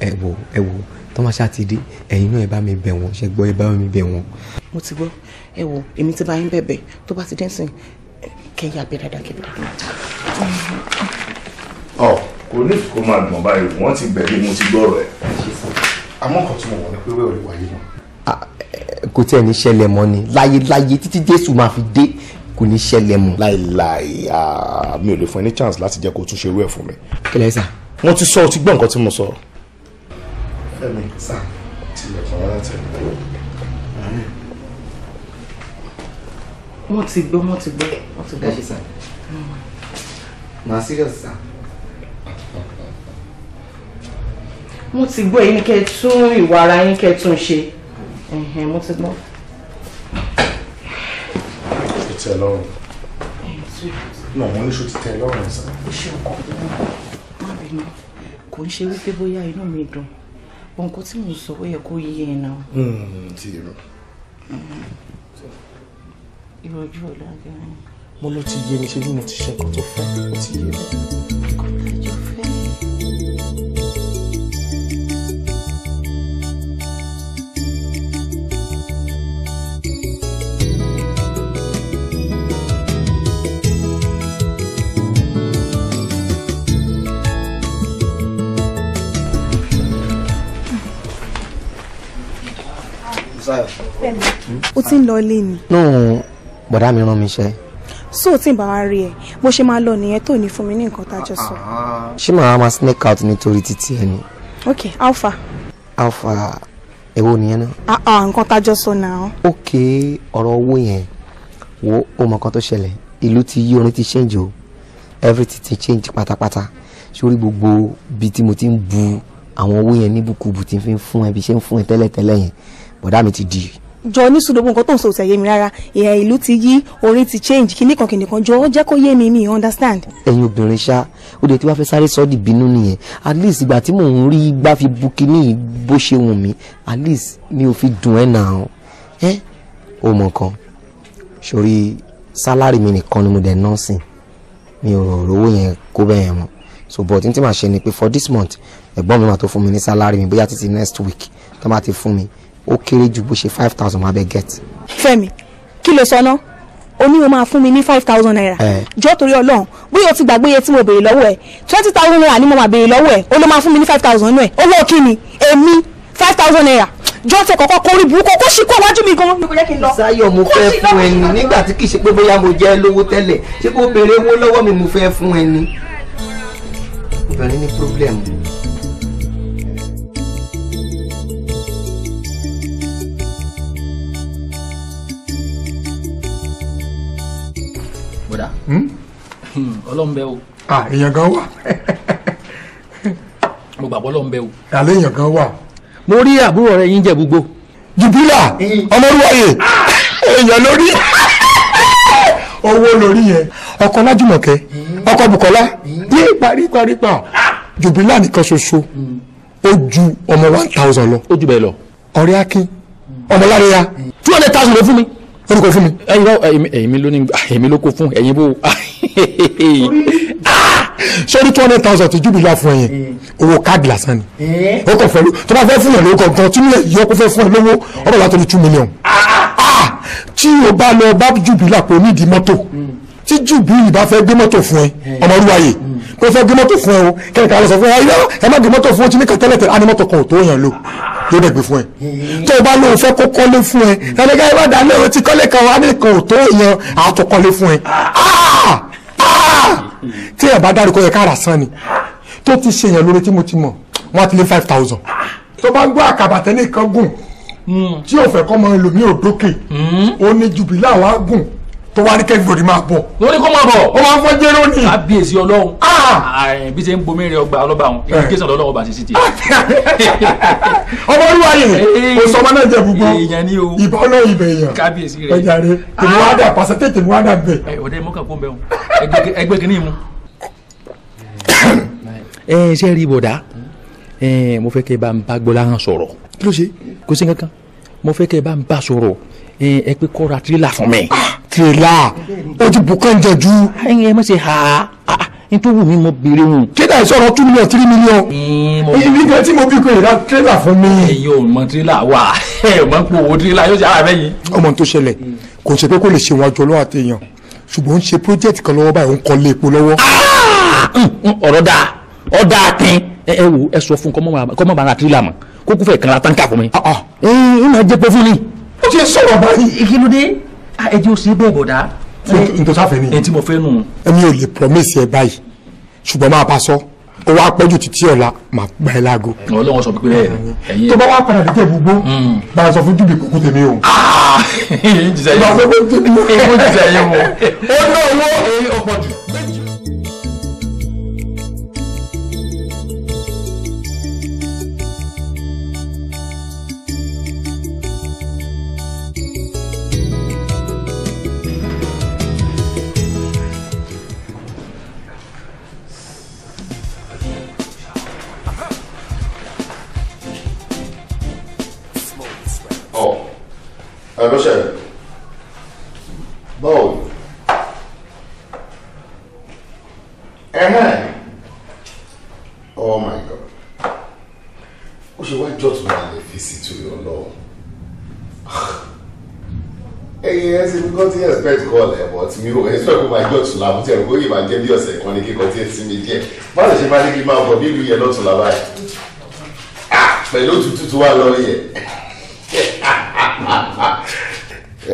ẹ wo ẹ wo tọ́mọ ṣáà ti dé ẹ̀yin náà ẹ bá mi bẹ̀ wọ́n ṣẹ́gbọ́ ẹ bá mi bẹ̀ wọ́n. mo ti gbọ́ ẹ wo èmi ti bá yín bẹ̀bẹ̀ tó bá ti dé sìn kẹyà bẹ dáadáa kẹbi dáadáa. ọ kò ní kó máa gbọ̀n báyìí wọ́n ti gbẹ̀bí mo ti gbọ́rọ̀ ẹ̀ àmọ́ kan tí mo wọ̀ ni pé wẹ́ẹ̀ ò lè wáyé mọ́. kò tí ẹ̀ ní ṣẹlẹ̀ mọ́ ni láyéláyé títí Jésù máa fi dé kò ní ṣẹlẹ̀ mọ́. láìláì mi ò lè fún ẹ ní chance láti jẹ́ kó tún ṣerú ẹ̀ fún mi. kílẹ̀ sà. wọ́n ti sọ ọ ti gbọ́ nǹkan tí mo sọ. fẹ́mi sà tilẹ̀kùn rárá tẹ̀lé. wọ́n ti gbọ́ wọ́n ti gbọ́ wọ́n ti gbọ́. ẹ ṣe sá màá serious sá. wọ́n ti gbọ́ èyí kẹ́ tún ìwà ara yín kẹ́ tún ṣe mo ti gbọ́. ó tẹ́ lọ́rùn náà wọ́n níṣó ti tẹ́ lọ́rùn sá. ó ṣe ọkọ̀ má bínú kò ń ṣe wípé bóyá inú mi dùn ohun kan tí mo sọ ó yẹ kó yé ẹ náà. Hmm, ti rọ ìrọ̀jú ọ̀làgẹ̀rin. mo ló ti yé mi ṣe bí mo ti ṣe nǹkan tó fẹ́ ó ti yé mi. o ti ń lọ ilé ni bọ̀dá mi rán mi ṣẹ́. so tí n bá wá rí ẹ bó ṣe máa lọ nìyẹn tó ní fún mi ní nǹkan tá a jọ sọ. Ah. ṣé màá máa snake out nítorí títí ẹ ni. ok alpha. alpha èwo nìyẹn náà. Ah, ah, nǹkan tá a jọ sọ náà. ok ọ̀rọ̀ owó yẹn wo ó mọ̀ kan tó ṣẹlẹ̀ ìlú ti yí orin ti change o everything ti change pátápátá sórí gbogbo bíi tí mo ti ń bu àwọn owó yẹn níbùkúbù tí n fi ń fún ẹ bí ṣe ń fún ẹ tẹ́lẹ̀tẹ́lẹ̀ yẹn bọ̀dá mi ti di jọ ní sùdògbò nǹkan tó ń sọ òsè yé mi rárá ìyẹn ìlú ti yí orin ti change kíní kan kìnìkan jọ jẹ́ kó yé mi mi understand. ẹ̀yin obìnrin ṣá ó de tí wàá fẹ́ sáré sọ di bínú nìyẹn at least ìgbà tí mò ń rí gbá fi bu kíní bó ṣe wù mí at least mi ò fi dùn ẹ́ nà ẹ́ ó mọ̀ kan sórí sálárì mi nìkan ni mo dẹ̀ nọ́ọ̀sìn mi ò rówó yẹn kó bẹ́ẹ̀ mọ́ so but n tí màá ṣe ni pé for this month ẹ̀gbọ́n mi máa tó fún mi ní sálárì mi bóyá títí next week tó máa ti fún mi ó kéré ju bó ṣe five thousand máa bẹ get. Fẹ́mi kí ló sọ náà o ní o máa fún mi ní five thousand naira jọ torí Ọlọ́run bóyá o ti gbàgbé iye tí mo béèrè lọ́wọ́ ẹ twenty thousand naira ni mo máa béèrè lọ́wọ́ ẹ o ló máa fún mi ní five thousand naira owó kí ni èmi five thousand naira jọ tẹ kọkọ kórí burúkú kó sì kó wájú mi gan. sáyọ̀ mo fẹ́ fún ẹ ní nígbà tí kì í ṣe pé bóyá mo jẹ́ lówó tẹ́lẹ̀ ṣé kó béèrè owó lọ́wọ́ mi mo fẹ́ fún ẹ ní. obìnrin ní pírọ́blẹ̀mù bọ̀dá hmm? hmm, ọlọ́run bẹ́ o. èèyàn kan wà. mo gbàgbọ́ ọlọ́run bẹ́ o. àlẹ́ èèyàn kan wà. mo rí àbúrò rẹ yín jẹ gbogbo. jìbìlà hmm. ọmọlúwàyè èèyàn lórí owó lórí yẹn ọkọ lájùmọ̀kẹ́ ọkọ Bùkọ́lá ní paríparípa jùbìlà nìkan ṣoṣo ó ju ọmọ one thousand lọ. ó ju bẹ́ẹ̀ lọ. ọ̀rẹ́ akin ọmọláríya two hundred thousand ló fún mi orúkọ fún mi. èmi ló ní èmi ló kó fún ẹ̀yin bó. Ah! sórí two hundred thousand ti júbìlì àfún ẹ̀yìn mm. owó káàdì lásán ni eh? ó kàn fẹ́ẹ́ tó bá fẹ́ fún yàn lówó kankan tí yóò yọ kó fẹ́ fún yàn lówó eh. ọ̀rọ̀ látọ̀ ní two million. Ah, ah, tí o bá lọ bá júbìlì àpò onídìí mọ́tò tí júbìlì bá fẹ́ gbé mọ́tò fún ẹ eh. ọmọ olúwa yìí. Mm pé fẹ́ gbé mọ́tò fún ẹ o kẹ́kẹ́ àlọ́ sọ fún ẹ ayé ẹ má gbé fún ọtí ní kẹtẹ́lẹ́tẹ̀ á ní mọ́tò kan ò tó yàn lò yóò dẹ̀ gbé fún ẹ tó o bá lóun fẹ́ kó kọ́lé fún ẹ ẹnìkan ìwà dálé o ti kọ́lé kan á ní kan ò tó yàn á tó kọ́lé fún ẹ ah! Ah! tí ẹ bá dárúkọ yẹ káàrà sán ni tó ti ṣe yẹn lórí tí mo ti mọ̀ wọ́n ti lé five thousand tó bá ń gbọ́ àkàbàtẹ́ nìkan gùn hmm. tí ò fẹ́ kọ́ mọ ẹlòmíì òdókè hmm. ó ní jubilá wa gùn tó wá ní kẹ́gbọ̀dì máa bọ̀. lórí kó máa bọ̀. ó máa ń fọ́ jẹ́rọ ni. kábíyèsí ọlọ́run. Ah! Ah, bí ṣe ń bomi rẹ ọgbà ọlọ́ba àwọn irrigation eh. lọ́lọ́wọ́ bá ṣe ti. ọmọ olúwa yẹn o sọmọ náà jẹ gbogbo ìbá ọlọ́run ibẹ̀ yẹn. kábíyèsí rẹ ẹja rẹ tèmi wá dà pàṣẹ tẹ tèmi wá dà bẹ. Eh, ọ̀dẹ mọ́kà kó bẹ́ẹ̀ o ẹgbẹ́ kìíní mu. Eh, ẹ ṣe rí ibodà mo fẹ́ kẹ́ bá ń bá gbọ́lá hàn sọ̀rọ̀ kí ló ṣe kò sí kankan mo fẹ́ kẹ́ bá ń bá sọ̀rọ̀ ẹ pé kọ́ra tirila fún mi. Ah! tìrẹ̀là ó ti bùkọ́ ń jẹ̀jú. ẹyin ẹ má ṣe ha n tó wù mí mo béèrè wọn. tírélà ìsọ̀rọ̀ two million three million. ibi kan tí mo bí kò yẹ ra tírélà fún mi. ẹyin ò mọ tírélà wà ẹ ò mọ pé owó tírélà yóò ṣe ara fẹ́yìn. ọmọ tó ṣẹlẹ̀ kò ṣe pé kò lè ṣe wọn àjọ lọ́wọ́ àtẹ̀yàn ṣùgbọ́n ó ń ṣe project kan lọ́wọ́ báyìí ó ń kọ́lé epo lọ́wọ́. Ah! ọ̀rọ̀ dáa ọ̀ dáa tẹ́ ẹ wò ẹ sọ fún kọ́mọ́ bàrà tírélà mọ́ kókó fẹ́ kan la tán ká fún mi. Ah, ah. ẹ ẹ máa jẹ́ Ah, ẹ jẹ́ o ṣe bẹ́ẹ̀ bọ̀dá. nítorí sáfẹ́ mi ẹtí mo fẹ́ nù. èmi ò lè promise ẹ báyìí ṣùgbọ́n máa bá sọ ó wá pẹ́jù títí ọ̀la máa gba ẹ láago. ọlọ́wọ́ sọ pé ẹ̀yin. tó bá wá padà dídẹ̀ gbogbo hmm. bá sọ fún júbì kúkú ah, tèmi o. èyí jìṣẹ́ yẹn mọ́ èyí jìṣẹ́ yẹn mọ́ ó ná owó èyí jù. ẹ ló ṣẹlẹ̀ báwo ni ẹ̀hẹ́n oh my god ó ṣe wá jọ́ tó máa lè fi sí torí ọlọ́run ẹyin ẹ ṣe kọ́ tí call ẹ̀ but mi ò expect kó máa jọ́ tún la bùtẹ́ ẹ̀rọ bóyá ìbàjẹ́ bí ọ̀sẹ̀ kan ní kíkọ́ tí ẹ sí mi díẹ̀ má lè ṣe máa ní kí n máa bọ̀ nílùú yẹn lọ́tún la báyìí ah, pẹ̀lú òtútù tó wà lọ́rí yẹn.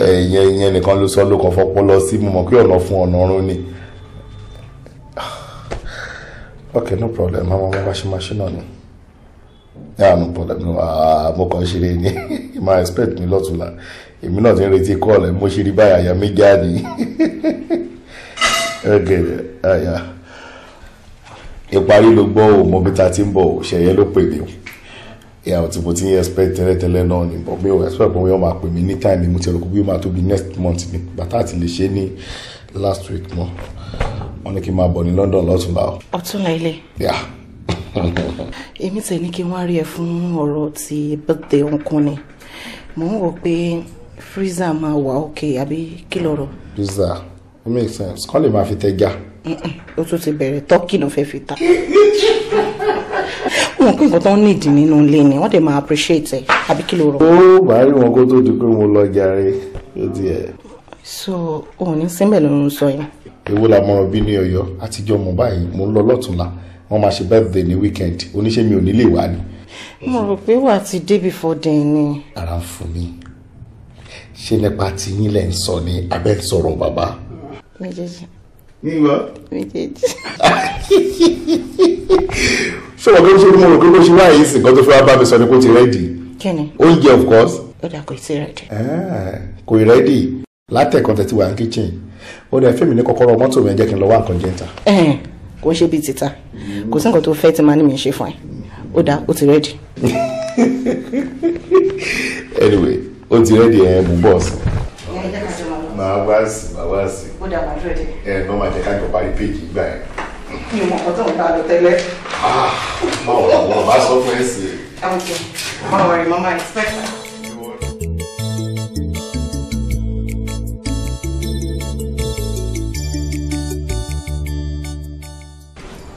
ìyẹn ìyẹn nìkan ló sọ ló fọpọ lọ sí mo mọ̀ pé ọ̀nà fún ọ̀nà ọ̀run ni okay no problem mama mo bá ṣe máa ṣe náà ni yeah no problem no ah, mo kàn ṣe lé ní ma expect mi lọ́túnla èmi náà ti ń retí call ẹ̀ mo ṣe rí báyà àyà mi jáde okay àyà ìparí ló gbọ́ ò mọ̀ bí ta ti ń bọ̀ ṣẹ̀yẹ ló pè mí o ìyàwó tí mo ti ń expect tẹ́lẹ̀tẹ́lẹ̀ náà ni but mi ò expect pé wọ́n máa pè mí ní time mo ti rò pé máa tóbi next month ni bàtà àti lè ṣe ní last week mọ́ wọ́n ní kí n máa bọ̀ ní London lọ́túnla o. ọ̀túnla ilé. yà. èmi tẹ̀ ní kí n wá rí ẹ fún ọ̀rọ̀ ti birthday ọkùn ni mò ń wò pé freezer máa wà òkè àbí kí lọ̀rọ̀. freezer it makes sense kọ́lé máa fi tẹ́ já. o tún ti bẹ̀rẹ̀ tọ́kì náà fẹ́ fi ta wọn pé nǹkan tó ń nídìí nínú ilé ni wọ́n dẹ̀ máa appreciate ẹ̀ àbí kí ló rọ. ó máa rí wọn kó tó di pé mo lọ jàre ló ti ẹ. so òun ní síbẹ̀ ló ń sọ yẹn. èwo la mọ bí ní Ọ̀yọ́ àtijọ́ mo báyìí mo ń lọ lọ́túnla wọ́n máa ṣe birthday ní weekend oníṣẹ́ mi ò nílé wá ni. mo rò pé wà á ti dé before then ni. ara ń fún mi ṣé nípa tiyín lẹ́ ń sọ ní abẹ́ sọ̀rọ̀ bàbá. méjèèjì. ní ìwọ. méjèèjì. So wọ́n kí ló ṣe mo rò pé bó ṣe wáyé sì kan tó fẹ́ wá bá mi sọ ni kò ti rẹ́dì. kíni oúnjẹ of course. ó dà kò ti rẹ́dì. kò ì rẹ́dì látẹ̀kọ́ tẹ̀ ti wà ní kitchen ó dẹ̀ fẹ́mi ní kọ́kọ́rọ́ mọ́tò mi ẹ̀ jẹ́ kí n lọ wá nǹkan jẹ́ ta. kò ń ṣe bíi títa kò sí nǹkan tó fẹ́ ti máa ní mi ṣe fún ẹ ó dà ó ti rẹ́dì. anyway ó ti rẹ́dì ẹ̀ mú bọ́ọ̀sì màá wá sí màá wá sí ẹ̀ ní wọ́n máa jẹ́ ká jọ parí péjì gbà mi ò mọ̀ ọ̀kan tó ń ah, bá lọ Don't worry, Mama, it's better.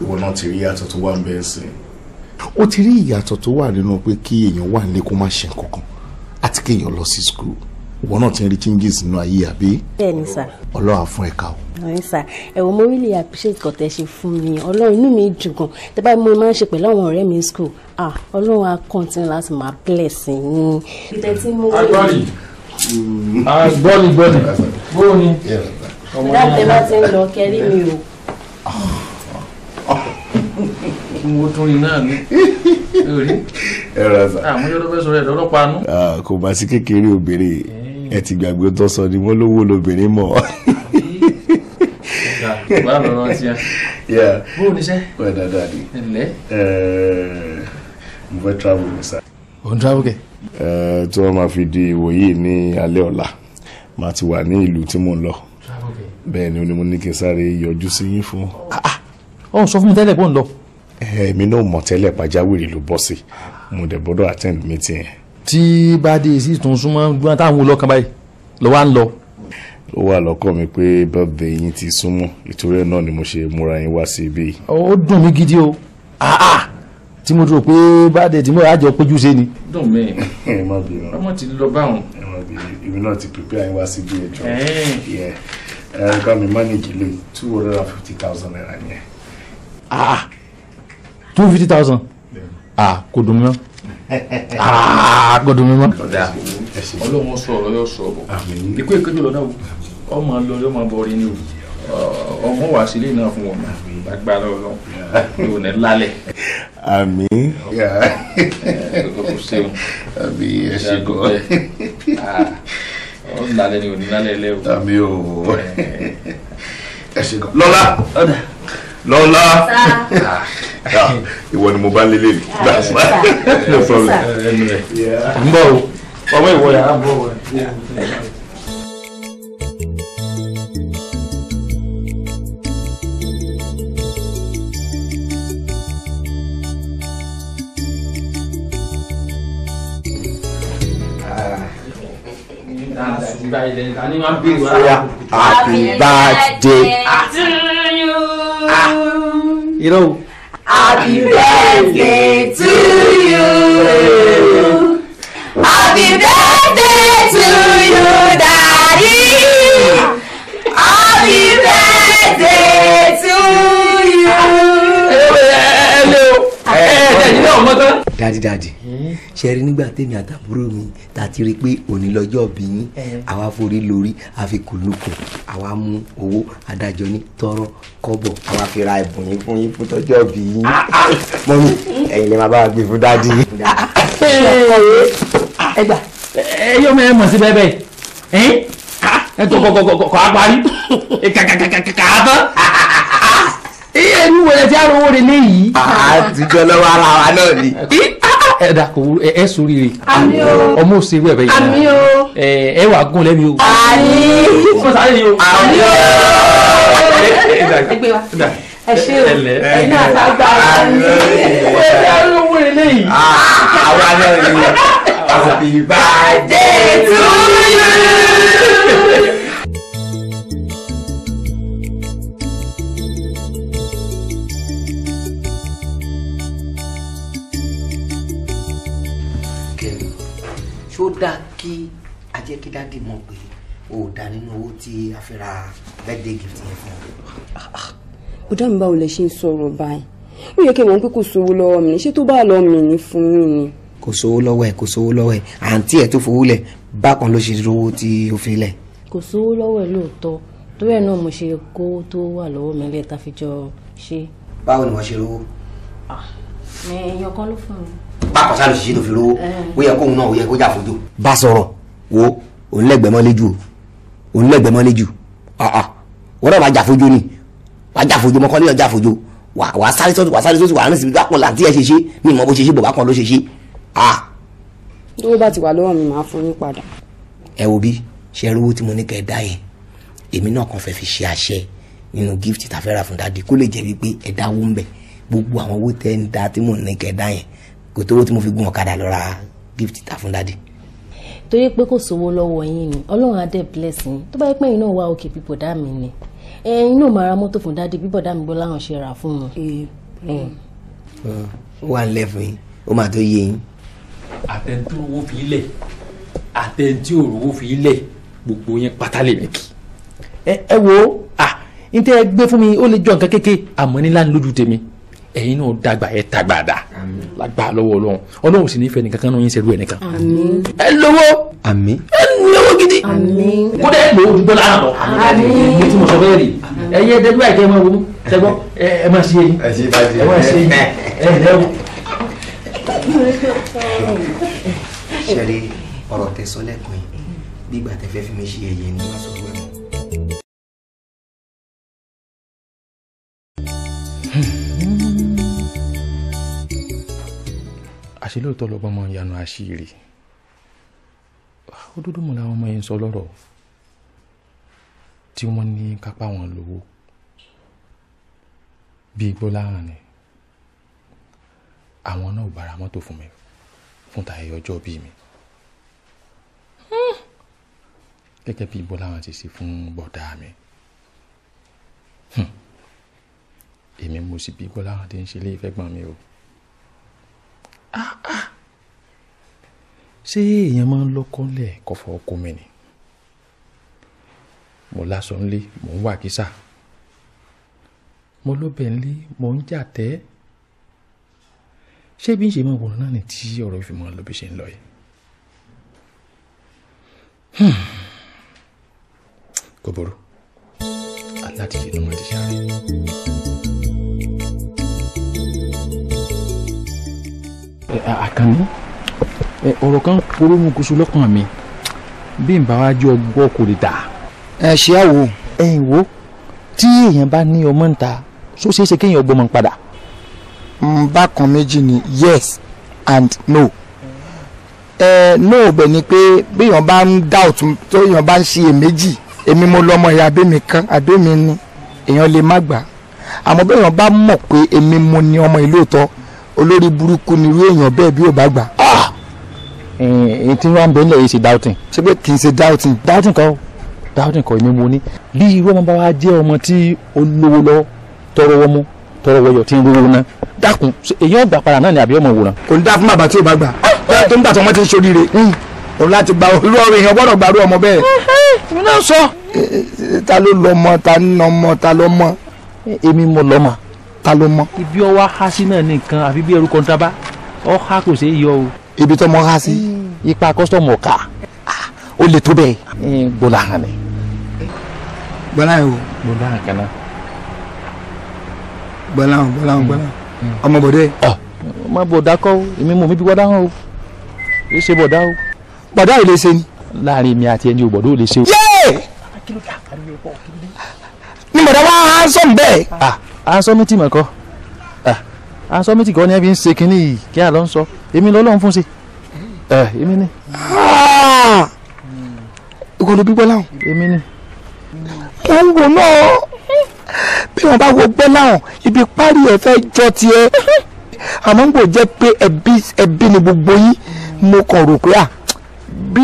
ìwọ náà ti rí ìyàtọ̀ tó wà ń bẹ́ẹ̀ sí. ó ti rí ìyàtọ̀ tó wà nínú pé kí èèyàn wà nílé kó má ṣe nǹkan kan àti kéèyàn lọ sí school wọn náà ti ń rí changes nínú ayé àbí. bẹ́ẹ̀ni sà. ọlọ́run fún ẹ̀ka o. ọ̀hún sà ẹ̀wọ̀n mo really appreciate nǹkan tẹ́ ṣe fún mi ọlọ́run inú mi dùn gan tẹ́ báyìí mo máa ń ṣe pẹ̀lú àwọn ọ̀rẹ́ mi school ah ọlọ́run á continue láti máa bless yín. agbọ́nì agbọ́nì gbọ́nì gbọ́nì. láti bá ti ń lọ kẹrí mi o. kí wọ́n tún rí náà ní orí. ẹ rà sá. Ah, àmúyọ́dọ́ sọ̀rọ̀ ẹ̀dọ́ ọlọ́pàá nú. Ah, kò bá sí kékeré obìnrin ẹ ti gbàgbé tó sọ ni wọ́n lówó lobìnrin mọ̀. báwo lọ rántí ẹ. o ní sẹ́. wọ́n ẹ̀ dáadáa ni. ẹ ǹlẹ́. mo fẹ́ travel mi sá. ò ń travel kẹ. tí wọ́n máa fi di ìwòyí ní alẹ́ ọ̀la màá ti wà ní ìlú tí mò ń lọ bẹ́ẹ̀ ni onímọ̀ ní kí n sáré yọjú sí yín fún. ọ̀hún ah, ah. sọ fún mi tẹ́lẹ̀ pọ̀ ń lọ. èmi náà mọ̀ tẹ́lẹ̀ pàjáwìrì ló bọ́ sí mo dẹ̀ gbọ́dọ̀ attend meeting yẹn tí bá dé sí tún súnmọ́ gbọ́n táwọn olọ́kan báyìí lọ́wọ́ à ń lọ. ó wà lọ́kàn mi pé bọ́ọ̀dẹ yín ti súnmọ́ ìtorí ẹ̀ náà ni mo ṣe múra yín wá sí ibi. ó dùn mí gidi o àá tí mo dúró pé bàdé tí mo rà jọ péjú ṣe ni. dùn mí ẹ má bínú ọmọ ti lọ báwọn. ẹ má bínú èmi náà ti prepare yín wá sí ibi ẹjọ ẹ ẹ ká mi manage lè two hundred and fifty thousand naira yẹn. ah two fifty thousand a kò dùn mí mọ́ a kò dùn mí mọ́. ọlọ́run sọ ọ̀rọ̀ yóò sọ bọ̀ ikú ìkéjì lọ́dọ̀ ọmọ lọ yóò máa bọ ni o ọmọ wà sílé náà fún wọn agbára ọlọ́run yóò ní lálẹ́. àmín àbí ẹ ṣe kọ ọ lálẹ́ ni ò ní lálẹ́ lẹ o. àmín o ẹ ṣe kọ lọ́lá lọ́lá. Ah, ìwọ ni mo bá lélẹ̀ mi ah, no problem eh, eh, n o ọmọ ìwọ ah. yàrá Happy birthday to you. Ah, irọ́ o. Happy birthday to you. Happy birthday to you, Daddy. Happy birthday to you. Hello, hey, Daddy, daddy ṣe rí nígbà tèmi àtàbúrò mi tàti rí pé òní lọ́jọ́ bí yín àwa forí lórí àfi kùlùkùn àwa mú owó adájọ́ ní tọ́rọ́ kọ́bọ̀ àwa fi ra ẹ̀bùn yín fún yín fún tọ́jọ́ bí yín mọ́mí ẹ̀yin lè máa bá wa gbé fún dáàdì yín. ẹgbà. ẹ yóò mẹ́rin mọ̀ sí bẹ́ẹ̀ bẹ́ẹ̀ ẹ tó kọ̀kọ̀kọ̀ kọ̀ á parí kàkàkàkà á tán iye ẹni wọlé tí a rò wọlé léyìí. àtijọ́ lọ́wọ́ ara wa náà ni ẹ dà kò wúrú sórí rè ọmọ òsè wẹ̀ bẹ́ẹ̀ yìí ẹ wà gún lẹ́mi o. àní àní o. ẹ ṣe o ẹ ní àtàgbà àní ẹ ní arúgbó eléyìí. àwa náà ni àbí bàjẹ́ tó yẹ. dáa kí ajẹ́kídádì mọ̀ pé o ò dá nínú owó tí a fi ra birthday gift yẹn fún ọ. ó dá mi báwo lẹ ṣe ń sọ̀rọ̀ báyìí ó yẹ kí n mọ̀ pé kò sówó lọ́wọ́ mi ṣé tó bá lọ mi ní fún mi ni. kò sówó lọ́wọ́ ẹ̀ kò sówó lọ́wọ́ ẹ̀ àǹtí ẹ̀ tó fowó lẹ̀ bákan ló ṣe rówó tí ó fi lẹ̀. kò sówó lọ́wọ́ ẹ̀ lóòótọ́ torí ẹ̀ náà mo ṣe kó tó wà lọ́wọ́ mi lẹ́ẹ̀ tá fi jọ ṣe. báwo ni wọ́n ṣe rówó. Ah, ẹ̀yàn kan ló fún mi pákọ̀sá ló ṣiṣẹ́ tó fi lówó ó yẹ kóun náà ó yẹ kó jà fojú. bá a sọ̀rọ̀ wo òun lẹ́gbẹ̀ẹ́ mọ́lé jù òun lẹ́gbẹ̀ẹ́ mọ́lé jù wọ́n náà máa jà fojú ni wàá jà fojú mọ́kànlé ọjà fojú wàá sáré sọ́tù wàá sáré sọ́tù wàá rìn síbi bákan láti ẹ̀ ṣe ṣe ní ìmọ̀ bó ṣe ṣe bọ̀ bákan ló ṣe ṣe. owó bá ti wà lọ́wọ́ mi máa fún yín padà. ẹ wo bí ṣe rówó tí mo ní kẹ́ ẹ dá yẹn èmi náà kàn fẹ́ fi ṣe àṣẹ nínú gift tàfẹ́ra fún dáadé kó lè jẹ́ wípé ẹ dáwó ń bẹ̀ gbogbo àwọn owó tẹ́ ń da tí mò ń ní kẹ́ ẹ dá yẹn kò tó owó tí mo fi gun ọ̀kadà lọ gift ta fún dádì. torí pé kò sówó lọ́wọ́ yín ni ọlọ́run á dẹ̀ bless yín tó bá yẹ pé iná wá òkè bíbọ̀ dá mi ni ẹ̀yin náà máa ra mọ́tò fún dádì bíbọ̀ dá mi gbọ́ láwọn ṣe rà fún un. ó wà nílẹ̀ fún yín ó máa tó yé yín. àtẹ̀ntì owó fi ilẹ̀ àtẹ̀ntì òrówó fi ilẹ̀ gbogbo yẹn pátá lè mẹ́kì. wo ah n tẹ́ gbé fún mi ó lè jọ nǹkan kékeré àmọ́ ní láńlójú tèmi ẹ̀yin náà dàgbà ẹ̀ tàgbàdà lágbà lọ́wọ́ ọlọ́run ọlọ́run sì nífẹ̀ẹ́ nìkan kan náà yín ṣerú ẹ̀ nìkan. ẹ lówó ẹ lówó gidi kódà ẹ lówó dúdọ́ lára lọ mo ti mọ̀ sọ bẹ́ẹ̀ rí ẹ yẹ dẹ́gbẹ́ báyìí kẹ́ ẹ máa wọnú sẹ́gbọ́ ẹ máa ṣe eyín ẹ máa ṣe eyín ẹ lẹ́wọ̀. ṣe rí ọ̀rọ̀ tẹ sọ́lẹ̀kùn yìí bí ìgbà tẹ fẹ́ fi mi ṣe ẹ̀yẹ ni wọ́n sọ àṣẹ lóòótọ́ lọ́gbọ́n mọ ìyanu àṣírí òdodo mọ̀ làwọn ọmọ yẹn sọ lọ́rọ̀ tí wọ́n ní kápá wọn lówó bí igbó láhàn ni àwọn náà ò bára mọ́tò fún mi fún tàyè ọjọ́ bíi mi gẹ́gẹ́ bí igbó láhàn ti ṣe fún bọ̀dá mi èmi mo sì bí igbó láhàn ti ń ṣe ilé ìfẹ́ gbọ́n mi o. Hmm ṣé èèyàn máa ń lọ́kọ́ lẹ̀ kọfọ ọkọ mi ni mo láṣọ ńlé mò ń wà kísà mo lóbẹ̀ ńlé mò ń jà tẹ́ ṣé bí ń ṣe máa wòrán náà ni tí ọ̀rọ̀ fi máa lọ bí ṣe ń lọ yìí hmm. kò burú aláàtìṣe ló máa ti ṣe àkànní ọ̀rọ̀ kan polówó mu kóso lọ́kàn mi bí n bá wá jọ gbọ́ kò lè dà. ẹ ṣe àwò ẹ wò tí èèyàn bá ní ọmọ ń ta só ṣeé ṣe kéèyàn ọgbọ́n mọ́ padà. Mm, bákan méjì ni yes and no ẹ no bẹ̀ ni pé béèyàn bá ń doubt tóyàn bá ń ṣe èméjì èmi mo lọ́mọ ìyá abémi kan abémi ni èèyàn lè má gbà àmọ́ béèyàn bá mọ̀ pé èmi mo ní ọmọ ìlú òótọ́ olórí burúkú ni irú èèyàn bẹ́ẹ̀ bí ò bá gbà. ẹ̀ẹ́n ah! eh, eh, tí wọ́n á ń bẹ́ẹ̀ lẹ̀ yìí ṣe doubting. ṣé pé kì í ṣe doubting. doubting kọ́ doubting kọ́ èmi mo ní. bí irú ọmọ bá wa jẹ́ ọmọ tí ó lówó lọ tọrọ wọ́n mú tọrọ wọ́yọ̀ tí ń rówó ná dákun èyí ọgbà para náà ni àbí ọmọ wòran. kò ní dá fún bàbá tí ò bá gbà ah! tó ń gbà tó ti ń ṣoríire hmm. òun láti gba irú ọ̀rọ̀ èèyàn gbọ́dọ̀ gbàrú ọmọ bẹ́ẹ̀. Eh, èmi náà sọ. ta ló lọ mọ ta ń mọ ta lọ mọ. èmi mo lọ mọ ta ló mọ. ibi ọwọ́ há sí náà nìkan àfi bí ẹrú kọ́ńtàbá ọ há kò ṣeé yọ o. ibi tọmọ há sí hmm. ipa kọ́sítọ́mù ọ̀ka ah, ó lè tó bẹ́ẹ̀ hmm, gbọ́dọ̀ hàn ni. gbọ́dọ̀ yẹn o. gbọ́dọ̀ hàn kan náà. gbọ́dọ̀ hàn gbọ́dọ̀ hàn gbọ́dọ̀ hàn ọmọ bọ̀dẹ́. ọ ọmọ bọ̀dá kọ́ èmi mò ń bí gbọ́dọ̀ hàn o hmm, èyí ṣe bọ̀dá o. bọ̀dá yìí lè ṣe ni. láàrin mi àti ẹni o bọ̀dọ̀ ò lè ṣe o. yéè ni bọ̀dá wa hàn sọ̀ bẹ́ẹ̀. Ah aṣọ mítì mọ̀ kọ́ aṣọ ah, mítì kọ́ ni ẹ fi ń ṣe kínní yìí kí a lọ ń sọ èmi lọ́lọ́run fún ṣe eh, èmi ni. Ah! ìkọlù gbígbọ́ láwọn. èmi ni. wọ́n wò náà bí wọ́n bá wo gbẹ́ láwọn ibi parí ẹ̀ fẹ́ jọ tiẹ̀ àmọ́ n kò jẹ́ pé ẹbí ẹbí ni gbogbo yín mo kàn rò pé à ah, bí